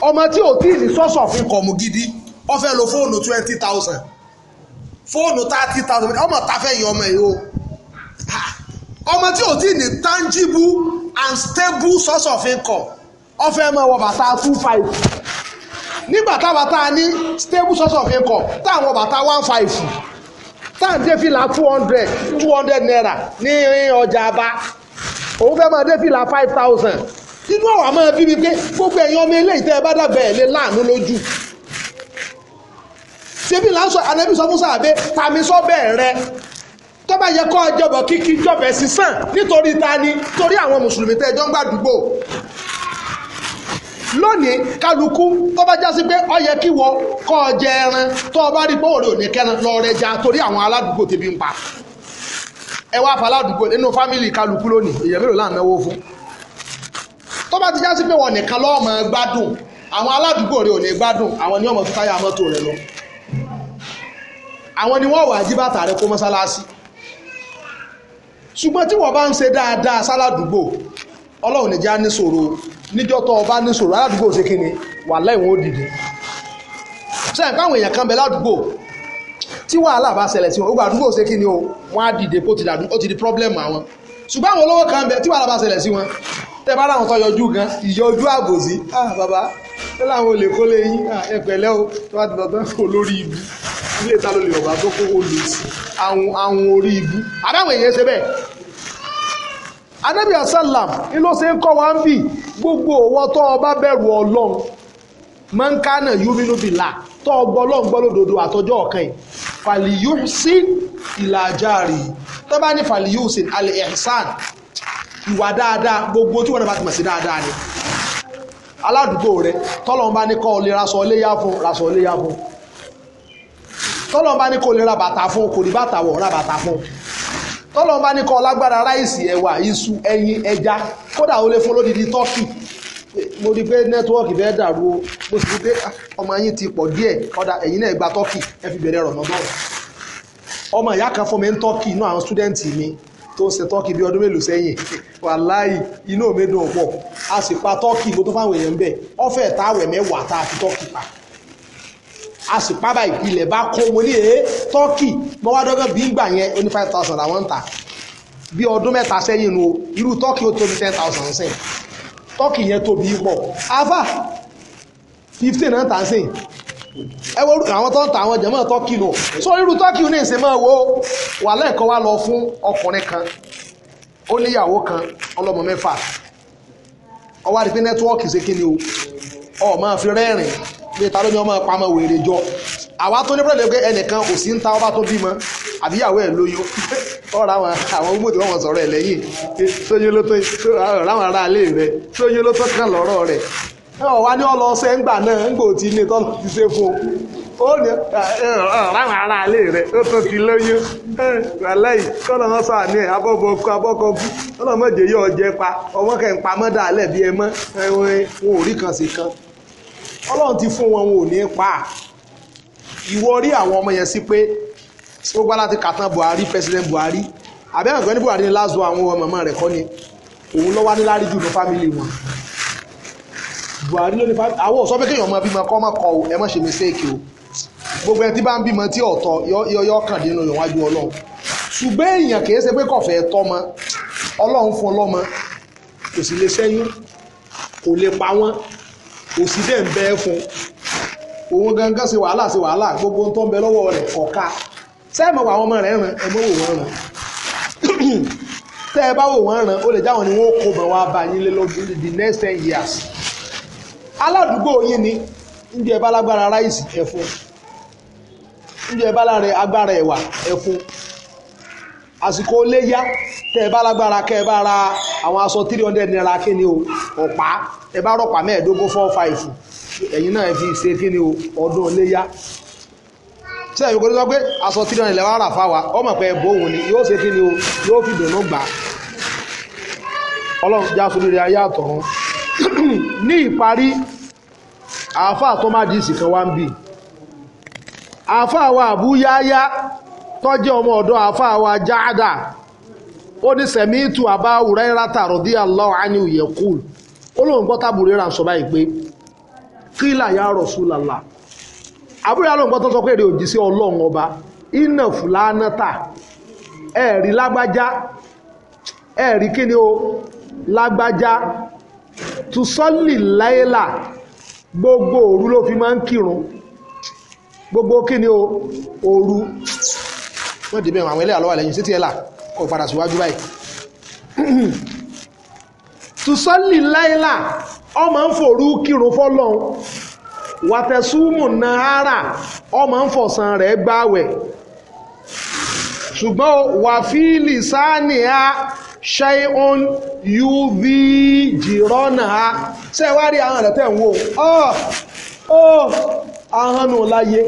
ọmọ tí ò tíì ní sọ́sọ̀ fún kọ̀mù gidi ó fẹ́ lo fóònù twenty thousand fóònù thirty thousand ọmọ ta fẹ́ yan ọmọ yìí o ọmọ tí ò tíì ní tangible and stable source of income ó fẹ́ máa wọ bàtà two five nígbà táwa tá a ní stable source of income táwọn wọ bàtà one five táwọn dé fìlà two hundred two hundred naira ní ọjà bá òun fẹ́ máa dé fìlà five thousand inú ọ̀wà máa bí mi pé gbogbo ẹ̀yin ọmọ eléyìí tẹ́ ẹ bá dàgbà ẹ̀ lé láàánú lójú ṣebí là ń sọ ànábì sọ fún sàbẹ tàmí sọ bẹ́ẹ̀ rẹ tó bá yẹ kó ọjọbọ kíkí jọbẹ sísàn nítorí ta ni torí àwọn mùsùlùmí tẹ́ ẹjọ ń gbàdúgbò lónìí kálukú tó bá jásí pé ó yẹ kí wọ kó ọjẹ ẹran tó o bá rí pé òòrè òní kẹran lọ rẹjà torí àwọn aládùúgbò tẹbi ń pa ẹ wá fà ládùúgbò nínú fámìlì kálukú lónìí èèyàn mélòó là ń náwó fún tó bá ti já sí pé wọn nìkan lọ́ọ́ máa gbádùn àwọn aládùúgbò rẹ ò ní gbádùn àwọn ni wọ́n máa fi táyà mọ́tò rẹ lọ àwọn ni wọ́n wà jí bàtà rẹ kó mọ́sálásí ṣùgbọ́n tí wọ́n bá ń ṣe dáadáa sáládùúgbò ọlọ́run níjà níṣòro níjọ́ tó o níṣòro aládùúgbò ṣe kí ni wàhálà ìwọ̀n òdìdí sẹ́yìn káwọn èèyàn kan bẹ ládùúgbò tí wàhálà bá ṣẹlẹ̀ sí wọn gbogbo àdúgbò ṣe kí ni o wọn á dìde bó ti dàdú ó ti di problem àwọn ṣùgbọ́n àwọn olówó kan bẹ tí wàhálà bá ṣẹlẹ̀ sí wọn tẹ bá láwọn tó yọjú gan ìyọjú àbòsí ah bàbá ẹ láwọn olè kó lè yín ah, ẹ pẹ̀lẹ́ o tó bá ti dọ̀dọ̀ kó lórí ibu ilé ìta ló lè bàbá tó kó olè sí àwọn àwọn orí ibu àbáwọn èèyàn ṣe bẹ́ẹ̀ anabi asalam ló ṣe ń kọ́ wa ń bì gbogbo owó tó o bá bẹ̀rù ọlọ́run mọ́ńkánà yúmínú bìlà tó o gbọ́ ọlọ́run gbọ́ lódodo àtọjọ́ ọ̀kan yìí fàlìyúsìn ìlàjàre tó bá ní fàlìyúsìn alẹ́ ẹ̀sán ìwà dáadáa gbogbo tí wọ́n bá ti mọ̀ sí dáadáa ni aládùúgbò rẹ tọ́lọ́n bá ní kọ́ ọ lè raṣọ léyà fún raṣọ léyà fún tọ́lọ́n bá ní kọ́ ọ lè ra bàtà fún kò ní bàtà wọ̀ ra bàtà fún tọ́lọ́n bá ní kọ́ ọ lágbára ráìsì ẹ̀wà iṣu ẹyin ẹja kódà ó lè fún lódìdí tọ́kì mo rí i pé nẹ́tíwọ́ọ̀kì fẹ́ dàrú o mo sì rí i pé ah, ọmọ yín ti pọ̀ díẹ̀ ọ̀dà ẹ̀yin náà gba tọ́kì ẹ fi bẹ̀rẹ̀ Ramadan ọmọ ìyá kan fún mi ń tọ́kì inú àwọn stúdẹ́ǹtì mi tó ń ṣe tọ́kì bí ọdún mélòó sẹ́yìn wàláì inú mi dùn pọ̀ a sì pa tọ́kì mo tó fáwọn èèyàn bẹ́ẹ̀ ọ̀fẹ́ táwẹ̀ mẹ́wàá tá a fi tọ́kì pa a sì pa báyìí ilẹ̀ bá kó mo ní èé tọ́kì mo wá dọ́gbọ́n bí ń gbà yẹn ó ní five thousand àwọn ń tà bí ọdún mẹ́ta sẹ́yìn nu irú tọ́kì ó tóbi ten thousand sẹ́yìn tọ́kì yẹn tóbi pọ̀ afa fifteen náà tà ń sìn ẹ wo àwọn tó ń ta àwọn jẹ̀mọ́ tọ́kì nù so irú tọ́kì ní ìsìn máa wo wà lẹ́ẹ̀kan wá lọ fún ọkùnrin kan ó níyàwó kan ọlọ́mọ mẹ́fà ọwọ́ àti pé nẹ́tíwọ́ọ̀kì ṣe kí ni o ọ̀ máa fi rẹ́rìn-ín pé ta ló ní ọmọ pamọ́ wèrè jọ àwa tó ní pẹ̀lú pé ẹnìkan kò sí ń ta ọba tó bímọ àbíyàwó ẹ̀ lóyún (laughs) ọ̀rọ̀ àwọn àwọn ọmọdé wọn sọ̀rọ̀ ẹ̀ lẹ́yìn sóyún ló tó ráwọn ará ilé rẹ̀ sóyún ló tó kàn lọ́rọ̀ rẹ̀ ọ̀ wá ní ọlọ ọsẹ ńgbà náà ńgbò tí ní tọ́lọ̀ ti ṣe fún ó ní ráwọn ará ilé rẹ̀ ó tún ti lóyún ẹlẹ́yìn kọ́nà wọn sọ àmì ẹ̀ abọ́bọ̀ ọkọ abọ́kọ kú kọ́nà wọn jẹ́ yóò jẹ pa ọmọ kẹ́ ń pa mọ́dà alẹ́ bí ẹ mọ́ ẹ̀wọ̀n wọn ò rí kan sí kan ọlọ́run ti fún wọn wọn ò ní pa á ìwọ rí àwọn ọmọ yẹn sí pé ó gbá láti kàtàn Buhari president Buhari àbẹ́wọ̀n kan ní Buhari ní lásán àwọn ọmọ màmá rẹ̀ kọ́ ni òun lọ́wọ́ ní lárí jù ní fámìlì wọn Buhari ló ní fámìlì àwọn òsọ pé kéèyàn ọmọ bímọ kọ́ mọ́ kọ́ o ẹ má ṣe mistake o gbogbo ẹni tí bá ń bímọ tí ọ̀tọ̀ yọ kàndínlù yọ̀ wájú Ọlọ́run ṣùgbọ́n èèyàn kì í ṣe pé kọ̀fẹ́ tọ́mọ Ọlọ́run fún ọlọ́mọ kò sì lè ṣẹ́yún kò lè pa wọ́n kò sì dẹ̀ ń bẹ́ fún òun gangan si wàhálà si wàhálà gbogbo tó ń bẹ lọ́wọ́ rẹ̀ kọ̀ka ọmọ rẹ̀ ràn ẹ̀mọ́ wò wọ́n ràn tẹ́ lè ni wọ́n kó bọ̀ wá bá yín lé the next ten years aládùúgbò yín ni ǹjẹ́ bá lágbára ráìsì ẹ̀fún ǹjẹ́ bá lára agbára ẹ̀wà naira kí ni ọ̀pá ẹ bá ẹ̀yin náà fi ṣe kí ni ọdún léyá tí ẹ̀yin kò ní pé aṣọ tí ìrìn lẹ́wọ́ àràfà pé òun ni yóò ṣe fi ni o yóò fi dùnú gbà ọlọ́run já sórí rẹ̀ ayé àtọ̀run (clears throat) ní ìparí àáfàá kan wá ń bì àáfàá wa àbú yáyá tọ́jẹ́ ọmọ ọ̀dọ́ àáfàá wa jáàdà ó ní sẹ̀mí ìtù àbá wùrẹ́ rátà rọ̀dí òyẹ̀kùl ó lóun gbọ́ kílà ya rọ̀ṣúlàlà àbúrò yàrá tó sọ pé èrè òjì sí ọlọ́run ọba iná fúlánátà ẹ̀rí lágbájá ẹ̀rí kíni o lágbájá tùsọ́lì láyélà gbogbo òru ló fi máa ń kírun gbogbo kíni o òru wọ́n àwọn ẹlẹ́yà lẹ́yìn títí kò padà síwájú (clears throat) Ọ ń fòrú kírun fọ́lọ́n wàtẹ̀súmù náírà ọmọ ń fọ̀sán rẹ̀ gbáwẹ̀ ṣùgbọ́n wàfíìlì sáàni a ṣẹ́yún uv jìrọ́nà a ṣe àwọn ẹ̀rẹ̀ ń wò ọ́ ọ́ ahọ́nù láyé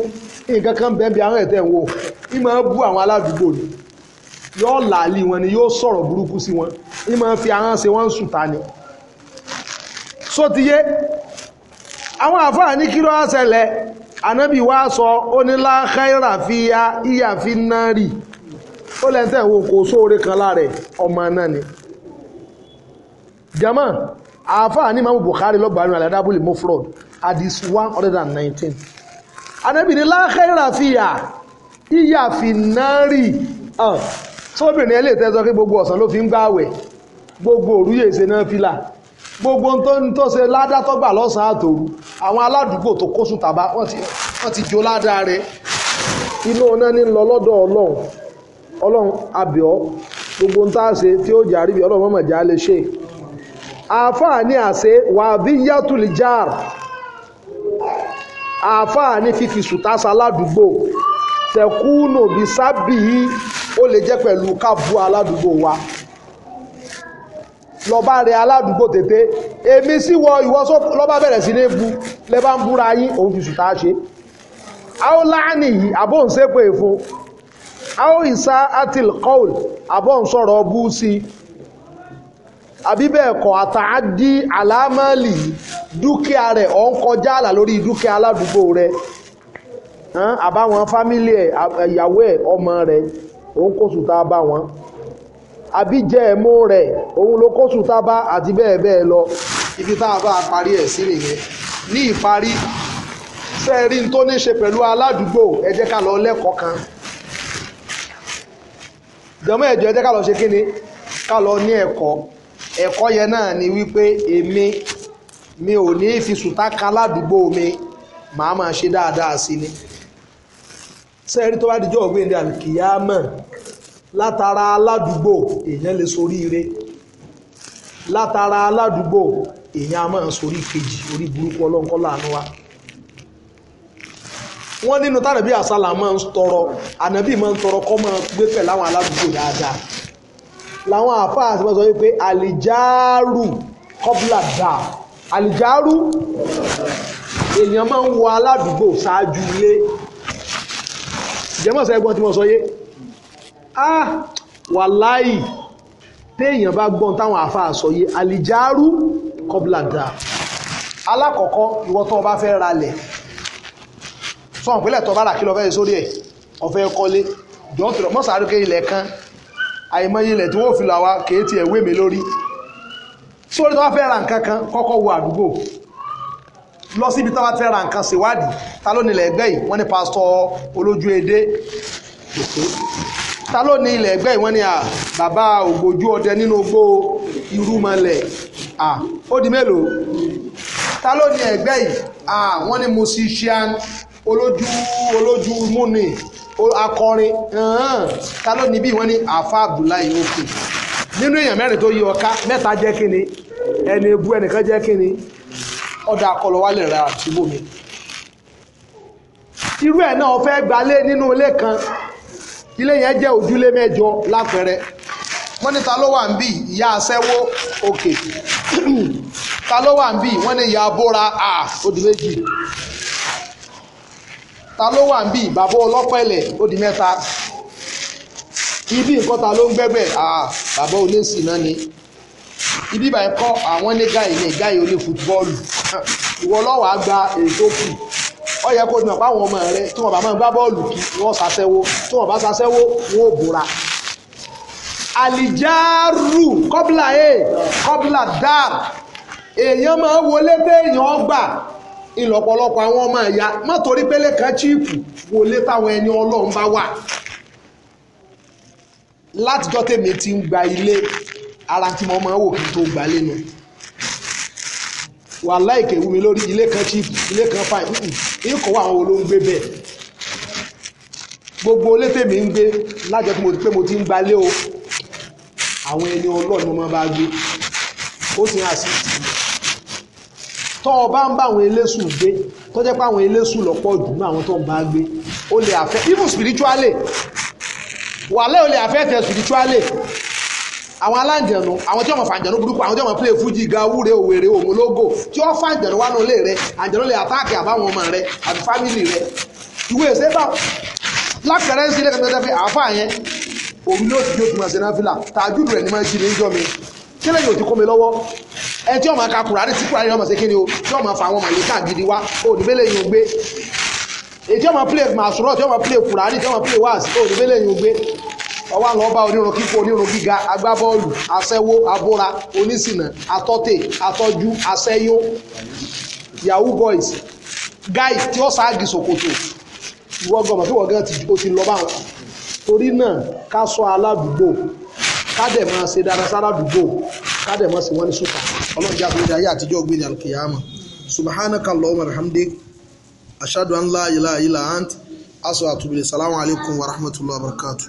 nǹkan kan bẹ́ẹ̀ bí àwọn ẹ̀rẹ̀ ń wò máa bú àwọn aládùúgbò ni yóò wọn ni yóò sọ̀rọ̀ burúkú sí wọn í máa fi ahọ́n ṣe wọ́n So sótiyé àwọn àfáà ní kí ló á ṣẹlẹ̀ ànábì wá sọ ó ní láàkàìrà fi ya ìyà fi náà rì ó lẹ́ńtẹ̀ wo kò sóore kan lára ọmọ náà ni jama àfáà ní mamu Bukhari lọ́gbàánu aládábùlì mufrod hadith one hundred and nineteen ànábì ní láàkàìrà fi ya ìyà fi náà rì sóbìnrin ẹ lè tẹ́ sọ pé gbogbo ọ̀sán ló fi ń gbáwẹ̀ gbogbo òrùyè ṣe náà fìlà gbogbo tó ń tó ṣe ládá tó gbà lọ́sàn-án àtòru àwọn aládùúgbò tó kó sùn tàbá wọ́n ti jó ládá rẹ̀ inú ọ̀nà ní lọ lọ́dọ̀ ọlọ́run ọlọ́run abẹ́ọ́ gbogbo ń tá a ṣe tí ó jàrí bí ọlọ́run mọ̀mọ̀ já lè ṣe àáfàá ní àṣẹ wàbí yàtúlì jar àáfàá ní fífi sùtásá aládùúgbò tẹkúnù bíi sábìí ó lè jẹ́ pẹ̀lú kábù aládùúgbò wa lọ́ba rẹ̀ aládùúgbò tètè èmi sì wọ ìwọ sọ lọ́ba bẹ̀rẹ̀ sí ní bu lẹ́bà ń búra yín òun fi sùtà ṣe àwọn láàánì yìí àbò ń ṣépè fún àwọn ìsá atil kọ́ọ̀l àbò ń sọ̀rọ̀ bú sí i àbí bẹ́ẹ̀ kọ́ àtàdí àlámọ́lì dúkìá rẹ̀ ọ̀ ń kọjá àlà lórí dúkìá aládùúgbò rẹ̀ àbáwọn fámílì ẹ̀ ìyàwó ẹ̀ ọmọ rẹ̀ òun kò sùtà bá wọn àbí jẹ́ ẹ̀mú rẹ̀ òun ló kó sùn tábà àti bẹ́ẹ̀ bẹ́ẹ̀ lọ ibi tá a bá parí ẹ̀ sí nìyẹn ní ìparí sẹ́ẹ̀rí tó ní ṣe pẹ̀lú aládùúgbò ẹ jẹ́ ká lọ lẹ́kọ̀ọ́ kan jọmọ ẹjọ ẹ jẹ́ ká lọ ṣe kíni ká lọ ní ẹ̀kọ́ ẹ̀kọ́ yẹn náà ni wípé èmi mi ò ní fi sùtá ka ládùúgbò mi màá máa ṣe dáadáa sí ni sẹ́ẹ̀rí tó bá dijọ́ ọ̀gbìn dàlù kìyàmọ̀ látara aládùúgbò èèyàn lè sorí ire látara aládùúgbò èèyàn a máa sorí kejì orí burúkú ọlọ́nkọ́ láàánú wa wọ́n nínú tànàbí àsálà máa ń tọrọ ànàbí máa ń tọrọ kọ́ máa gbé pẹ̀ láwọn aládùúgbò dáadáa làwọn àáfàá àti bá sọ wípé àlìjáàrù kọ́bùlà dà àlìjáàrù èèyàn máa ń wọ aládùúgbò ṣáájú ilé ìjẹ́mọ̀sẹ̀ ẹgbọ́n tí mo sọ yé ah wàláì téèyàn bá gbọ́n táwọn àáfàá sọ yé àlìjáàrú kọ́bùlàdà alákọ̀ọ́kọ́ ìwọ tó o bá fẹ́ ralẹ̀ sọ ìpínlẹ̀ tó o bá rà kí lọ fẹ́ sórí ẹ̀ ọ̀fẹ́ kọ́lé jọ́n tìrọ̀ mọ́sàárì kí ilẹ̀ kan àìmọye ilẹ̀ tí wọ́n fi là wá kéétì ẹ̀wé mi lórí sórí tó bá fẹ́ ra nǹkan kan kọ́kọ́ wo àdúgbò lọ síbi tó bá fẹ́ ra nǹkan ṣèwádìí ta ló nílẹ̀ ẹgbẹ́ yìí wọ́n ní pásítọ̀ ta ló ní ilẹ̀ ẹgbẹ́ ìwọ́n ni à bàbá ògbójú ọdẹ nínú ogbó irúmọlẹ̀ à ó di mélòó ta ló ní ẹgbẹ́ yìí à wọ́n ní musician olójú olójú múni akọrin ta ló ní bí wọ́n ní àfa abdullahi òkè nínú èèyàn mẹ́rin tó yí ọká mẹ́ta jẹ́ kínni ẹni ebú ẹnìkan jẹ́ kínni ọ̀dà akọlọ wálẹ̀ rẹ̀ àtìmọ́ mi irú ẹ̀ náà fẹ́ gbalé nínú ilé kan ilé yẹn jẹ́ ojúlé mẹ́jọ lápẹẹrẹ wọ́n ní ta ló wà ń bì ìyá aṣẹ́wó òkè (clears throat) ta ló wà ń bì wọ́n ní ìyá abóra à odi méjì ta ló wà ń bì bàbá ọlọ́pẹ̀lẹ̀ odi mẹ́ta ibi nǹkan ta ló ń gbẹ́gbẹ́ à bàbá olóòsì náà ni ibi ìbàyẹn kọ́ àwọn ní gáì ní gáì olè fútbọ́ọ̀lù (clears throat) gba èyí kù ó yẹ kó dùn páwọn ọmọ rẹ tí wọ́n bá máa gbá bọ́ọ̀lù kí wọ́n ṣàṣẹ́wó tí wọ́n bá ṣàṣẹ́wó wọn ò búra. àlìjáàrù kọ́bílà e kọ́bílà dáàr èèyàn máa wọlé téèyàn gbà ìlọ̀pọ̀lọpọ̀ àwọn ọmọ ìyá má torí pélé kan chíìpù wọlé táwọn ẹni ọlọ́run bá wà látijọ́ tèmi ti ń gba ilé ara tí mo máa wò kí n tó gbà lẹ́nu wàhálà ìkẹ́wù lórí ilé kan chíìpù ilé kan fáìn ikọ̀ àwọn wo ló ń gbé bẹ́ẹ̀ gbogbo ilé tèmi ń gbé lájọ tí mo ti pé mo ti ń gbalé o àwọn ẹni ọlọ́ọ̀ni mo máa bá gbé ó sì ń àṣìṣe tọ́ ọ bá ń bá àwọn eléṣù gbé tó jẹ́ pé àwọn eléṣù lọ́pọ̀ jù ní àwọn tó ń bá gbé ó lè affect even spiritually wàhálà ó lè affect spiritually àwọn alájẹnu àwọn tí wọ́n fa àjẹnu burúkú àwọn tí wọ́n play fújì ga wúre òwèrè òmùlógò tí wọ́n fa àjẹnu wá lólè rẹ àjẹnu lè àtáàkì àbáwọn ọmọ rẹ àti fámìlì rẹ ìwé ìṣe bá lápẹẹrẹ ń sílẹ kẹtẹkẹtẹ fi yẹn òun ló ti jó tuma ṣe náà fìlà tààjú rẹ ni máa ń ṣe níjọ mi kílẹ̀ yóò ti kó mi lọ́wọ́ ẹ tí ọmọ akakura ní tíkura yìí ọmọ ṣe kíni o tí ọmọ fa àwọn màlíkà gidi wá òdìbẹ́lẹ̀ yìí ò gbé èyí tí ọmọ play màsúrọ̀ tí ọmọ play fúra ní tí ọmọ play wáàsì òdìbẹ́lẹ̀ yìí ò gbé ọwọ́ àlọ́ bá onírun kíkó onírun gíga agbábọ́ọ̀lù aṣẹ́wó abóra onísìnà atọ́tẹ̀ atọ́jú aṣẹ́yó yahoo boys guy tí ó ṣáàgì ṣòkòtò ìwọ gọmọ tí wọ́n gan ti o ti lọ báwọn torí náà ká sọ aládùúgbò ká dẹ̀ máa ṣe dáadáa sáládùúgbò ká dẹ̀ máa ṣe wọ́n ní sùkà ọlọ́jà àbúrò ayé àtijọ́ gbélé alùkìyàmà subhanaka allahumma alhamdi ashadu an la ilaha illa ant asu atubu wa rahmatullahi wa barakatuh